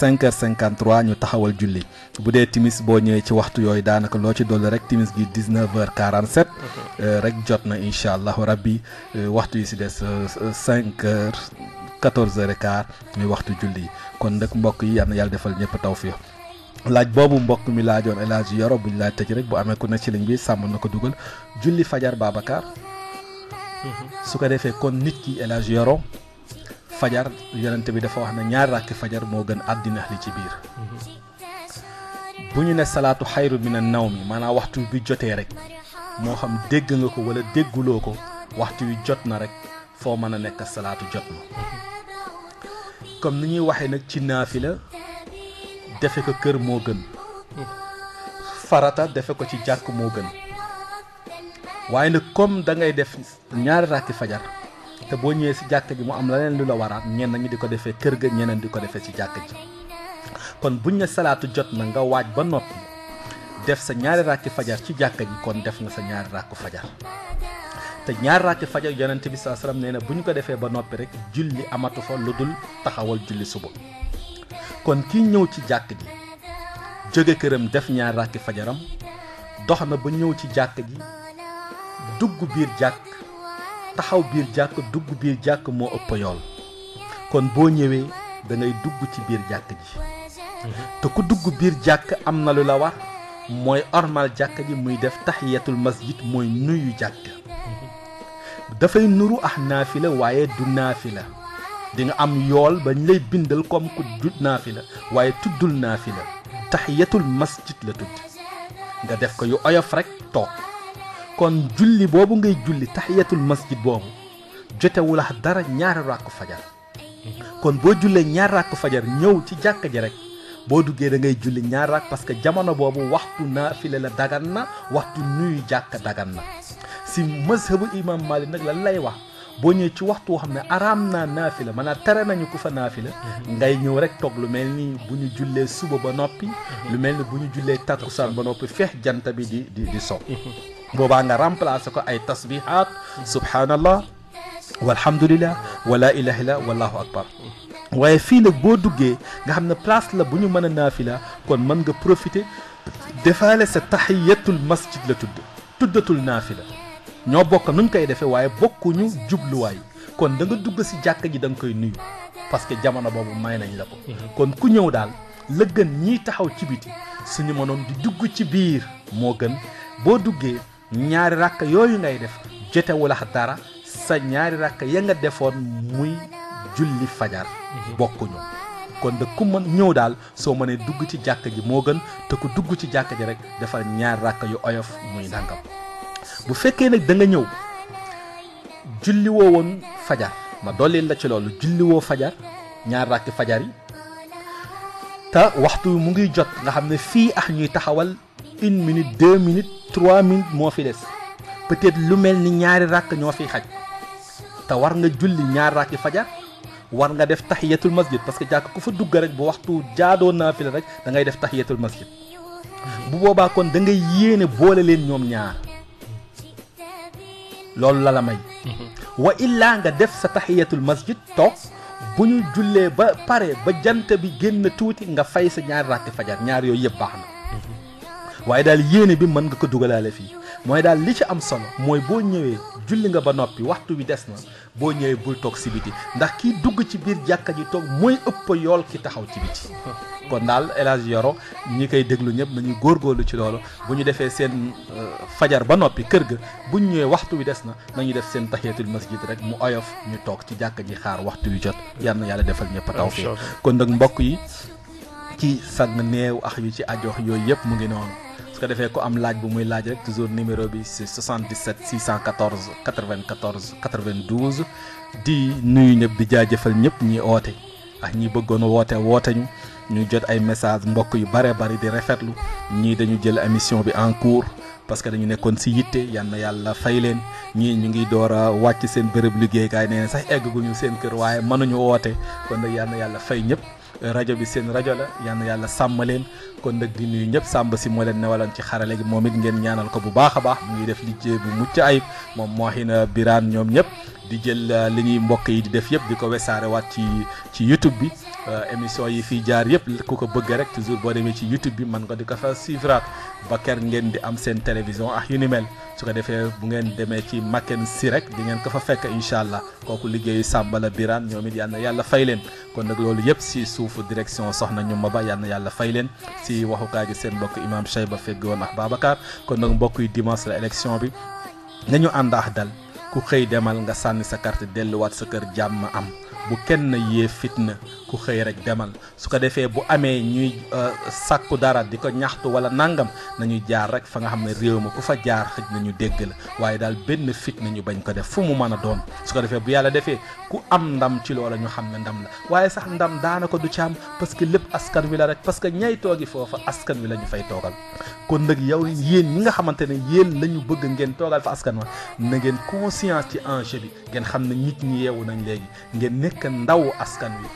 cinq heures cinquante trois ñu taxawal julli bu dee timis boo ñëwee ci waxtu yooyu daanaka loo ci dolli rek timis gi dix neuf heures quarante sept uh-huh. euh, rek jot na incha allahu rabbi euh, waxtu yi si des euh, cinq heures quatorze heures et quart muy waxtu julli kon nag mbokk yi am na yàlla defal ñëpp tawfiq laaj boobu mbokk mi laajoon El Hadj Yoro buñ laaj tëj rek bu amee ku nekk ci ligne bi sàmm na ko dugal julli fajar Babacar mhm. su ko defee kon nit ki El Yoro fajar yonent bi dafa wax ne ñaari ràkki fajar moo gën àddina li ci biir mhm. bu ñu ne salaatu xayru na naw mi maanaam waxtu bi jotee rek moo xam dégg nga ko wala dégguloo ko waxtu wi jot na rek foo mën a nekk salaatu jot na mhm. comme ni ñuy waxee nag ci naafila defé ko kër mo gën farata defé ko ci jàkk mo gën waaye nag comme da ngay def ñaari rakki fajar té bo ñëw si jakk bi mu am lanen lu la waraat ñenn ñi diko defé kër ga ñenen diko defé ci jakk ji kon buñ ne salatu jot na nga waaj ba noppi def sa ñaari rakki fajar ci jakk ji kon def na sa ñaari rakku fajar te ñaar rakki fajar yonente bi saa sallam nee na bu ko defé ba noppi rek julli amatu fa luddul taxawal julli subuh kon kii ñëw ci jàkk ji jóge këram def ñaar ràkki fajaram dox na ba ñëw ci jàkk ji dugg biir jàkk taxaw biir jàkk dugg biir jàkk moo ëpp yool kon boo ñëwee dangay dugg ci biir jàkk ji mhm. te ku dugg biir jàkk am na lu la war mooy ormal jàkk ji muy def tax taxiyatul masjid mooy nuyu jàkk mhm. dafay nuru ax naafila waaye du la di nga am yool bañ lay bindal koom ku jut naafila waaye tuddul naafila tahiyatul masjid la tudd nga def ko yu oyof rek toog kon julli boobu ngay julli tax yetul masjid boobu jotewul ak dara ñaari ràkk fajar kon boo jullee ñaar ràkk fajar ñëw ci jàkka ji rek boo duggee dangay julli ñaar ràkk parce que jamono boobu waxtu naafile la dagan na waxtu nuyu jàkka dagan na si mazhabu imam Malik nag lan lay wax boo ñëwee ci waxtu woo xam ne araam naa naafila maanaam tere nañu ku fa naafila ngay ñëw rek toog lu mel ni bu suba ba noppi lu mel ni bu ñu ba noppi feex jant bi di di di sow boobaa nga remplacé ko ay tasbihaat subhanallah walhamdulillah wala ilaha illa wallahu akbar waaye fii nag boo duggee nga xam ne place la bu ñu mën kon mën nga profiter defaale sa tahiyatul masjid la tudd tuddatul naafila ñoo bokk nuñ koy defee waaye bokkuñu jubluwaay kon da nga dugg si jàkka ji da nga koy nuyu parce que jamono boobu may nañ la ko. Mhm. kon ku ñëw daal la gën ñiy taxaw ci biti suñu mënoon di dugg ci biir moo gën boo duggee ñaari rakk yooyu ngay def jotewul ak dara sa ñaari rakk ya nga defoon muy julli fajar. Mhm. bokkuñu kon de ku mën ñëw daal soo mënee dugg ci jàkka ji moo gën te ku dugg ci jàkka ji rek defal ñaari rakk yu oyof muy nangam. bu fekkee nag danga ñëw julli woo woon fajar ma dollil la ci loolu julli woo fajar ñaar ràkki fajar yi te waxtu mu ngi jot nga xam ne fii ax ñuy taxawal une minute deux minutes trois minutes moo fi des peut-être lu mel ni ñaari ràkk ñoo fiy xaj te war nga julli ñaari ràkki fajar war nga def tax tahiyatul masjid parce que jàkk ku fa dugg rek bu waxtu jaadoo naa fi la rek da ngay def tahiyatul masjid bu boobaa kon da ngay yéene boole leen ñoom ñaar loolu la la may mhm. wa illaa nga def sa tahiyatul masjid toog bu ñu jullee ba pare ba jant bi génn tuuti nga fay sa ñaari rakk fajar ñaar yooyu yëpp baax na mhm. waaye daal yéene bi mën nga ko dugalaale fii mooy daal li ci am solo mooy boo ñëwee julli nga ba noppi waxtu wi des na boo ñëwee bul toog si biti ndax kii dugg ci biir jàkka ji toog mooy ëpp yool ki taxaw ci biti kon daal élage yoro ñi koy déglu ñëpp nañuy góorgóorlu ci loolu bu ñu defee seen euh, fajar ba noppi kër ga bu ñu ñëwee waxtu wi des na nañu def seen taxiyatul masjid rek mu oyof ñu toog ci jàkka ji xaar waxtu wi jot yal na yàlla defal ñëpp taw kon nag mbokk yi ci neew yu ci ajox yooyu yëpp mu ngi noonu ko defee ko am laaj bu muy laaj rek toujours numéro bi c'est 77 614 94 92 di nuyu ñëpp di jaajëfal ñëpp ñi oote ak ñi bëggoon woote woote ñu jot ay message mbokk yu bare bari di rafetlu ñii dañu jël émission bi en cours parce que dañu nekkoon si yitte yan na yàlla fay leen ñii ñu ngi door a wàcc seen bërëb liggéeykaay nee na sax ñu seen kër waaye mënuñu woote kon nag yal na yàlla fay ñëpp rajo bi seen rajo la yal yàlla sàmm leen kon nag di nuyu ñëpp sàmb si moo leen newaloon ci xarale gi moom it ngeen ñaanal ko bu baax a baax mu ngi def liggéey bu mucc ayib moom Mawhina Birane ñoom ñëpp di jël ah, li ñuy mbokk yi di def yëpp di ko wesaare waat ci ci YouTube bi Euh, émission yi fii jaar yëpp ku ko bëgg rek toujours boo demee ci YouTube bi mën nga di ko fa suivre ba ker ngeen di am seen télévision ak yu ni mel su ko defee bu ngeen demee ci Macken si rek di ngeen ko fa fekk incha allah kooku liggéeyu Sambala biraan ñoom it yal na yàlla fay leen kon nag loolu yëpp si suufu direction soxna ñu ma ba na yàlla fay leen si waxukaay gi seen mbokk Imam Cheyba ba woon ak Babacar kon nag mbokk yi dimanche la élection bi nañu ànd ak dal ku xëy demal nga sànni sa carte delluwaat sa kër jàmm am bu kenn yee fitna ku xëy rek demal su ko defee bu amee ñuy euh, sàkku dara di ko ñaxtu wala nangam nañuy jaar rek fa nga xam ne réew ma ku fa jaar xëj nañu dégg la waaye daal benn fit nañu bañ ko def fu mu mën a doon su ko defee bu yàlla defee ku am ndam ci loola ñu xam ne ndam la waaye sax ndam daanaka du ci am parce que lépp askan wi la rek parce que ñay toogi foofa askan wi la ñu fay toogal kon nag yow yéen ñi nga xamante ne yéen lañu bëgg ngeen toogal fa askan wa na ngeen conscience ci enjeu bi ngeen xam ne nit ñi yeewu nañ léegi nekk ndaw askan wi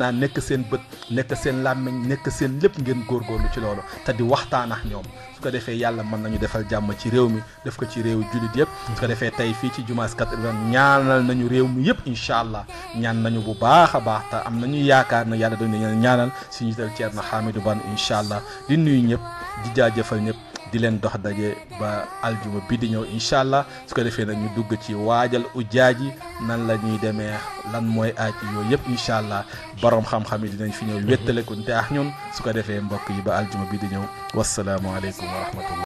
naa nekk seen bët nekk seen làmmiñ nekk seen lépp ngeen góor góorgóorlu ci loolu te di waxtaan ak ñoom su ko defee yàlla mën nañu defal jàmm ci réew mi def ko ci réew jullit yëpp su ko defee tey fii ci Jumaas 80 ñaanal nañu réew mi yëpp incha allah ñaan nañu bu baax a baax te am na ñu yaakaar na yàlla dañu ñaanal suñu jiital Ceerno Hamidou Bane incha allah di nuyu ñëpp di jaajëfal ñëpp di len dox daje ba aljuma bi di ñëw inshallah su ko defé nak ñu dugg ci wajal u jaaji nan la ñuy demee lan moy aaj yoy yëpp inshallah borom xam-xam di nañ fi ñëw wétalé wéttalekunte ak ñun su ko defé mbokk yi ba aljuma bi di ñëw wassalamu alaykum wa rahmatullah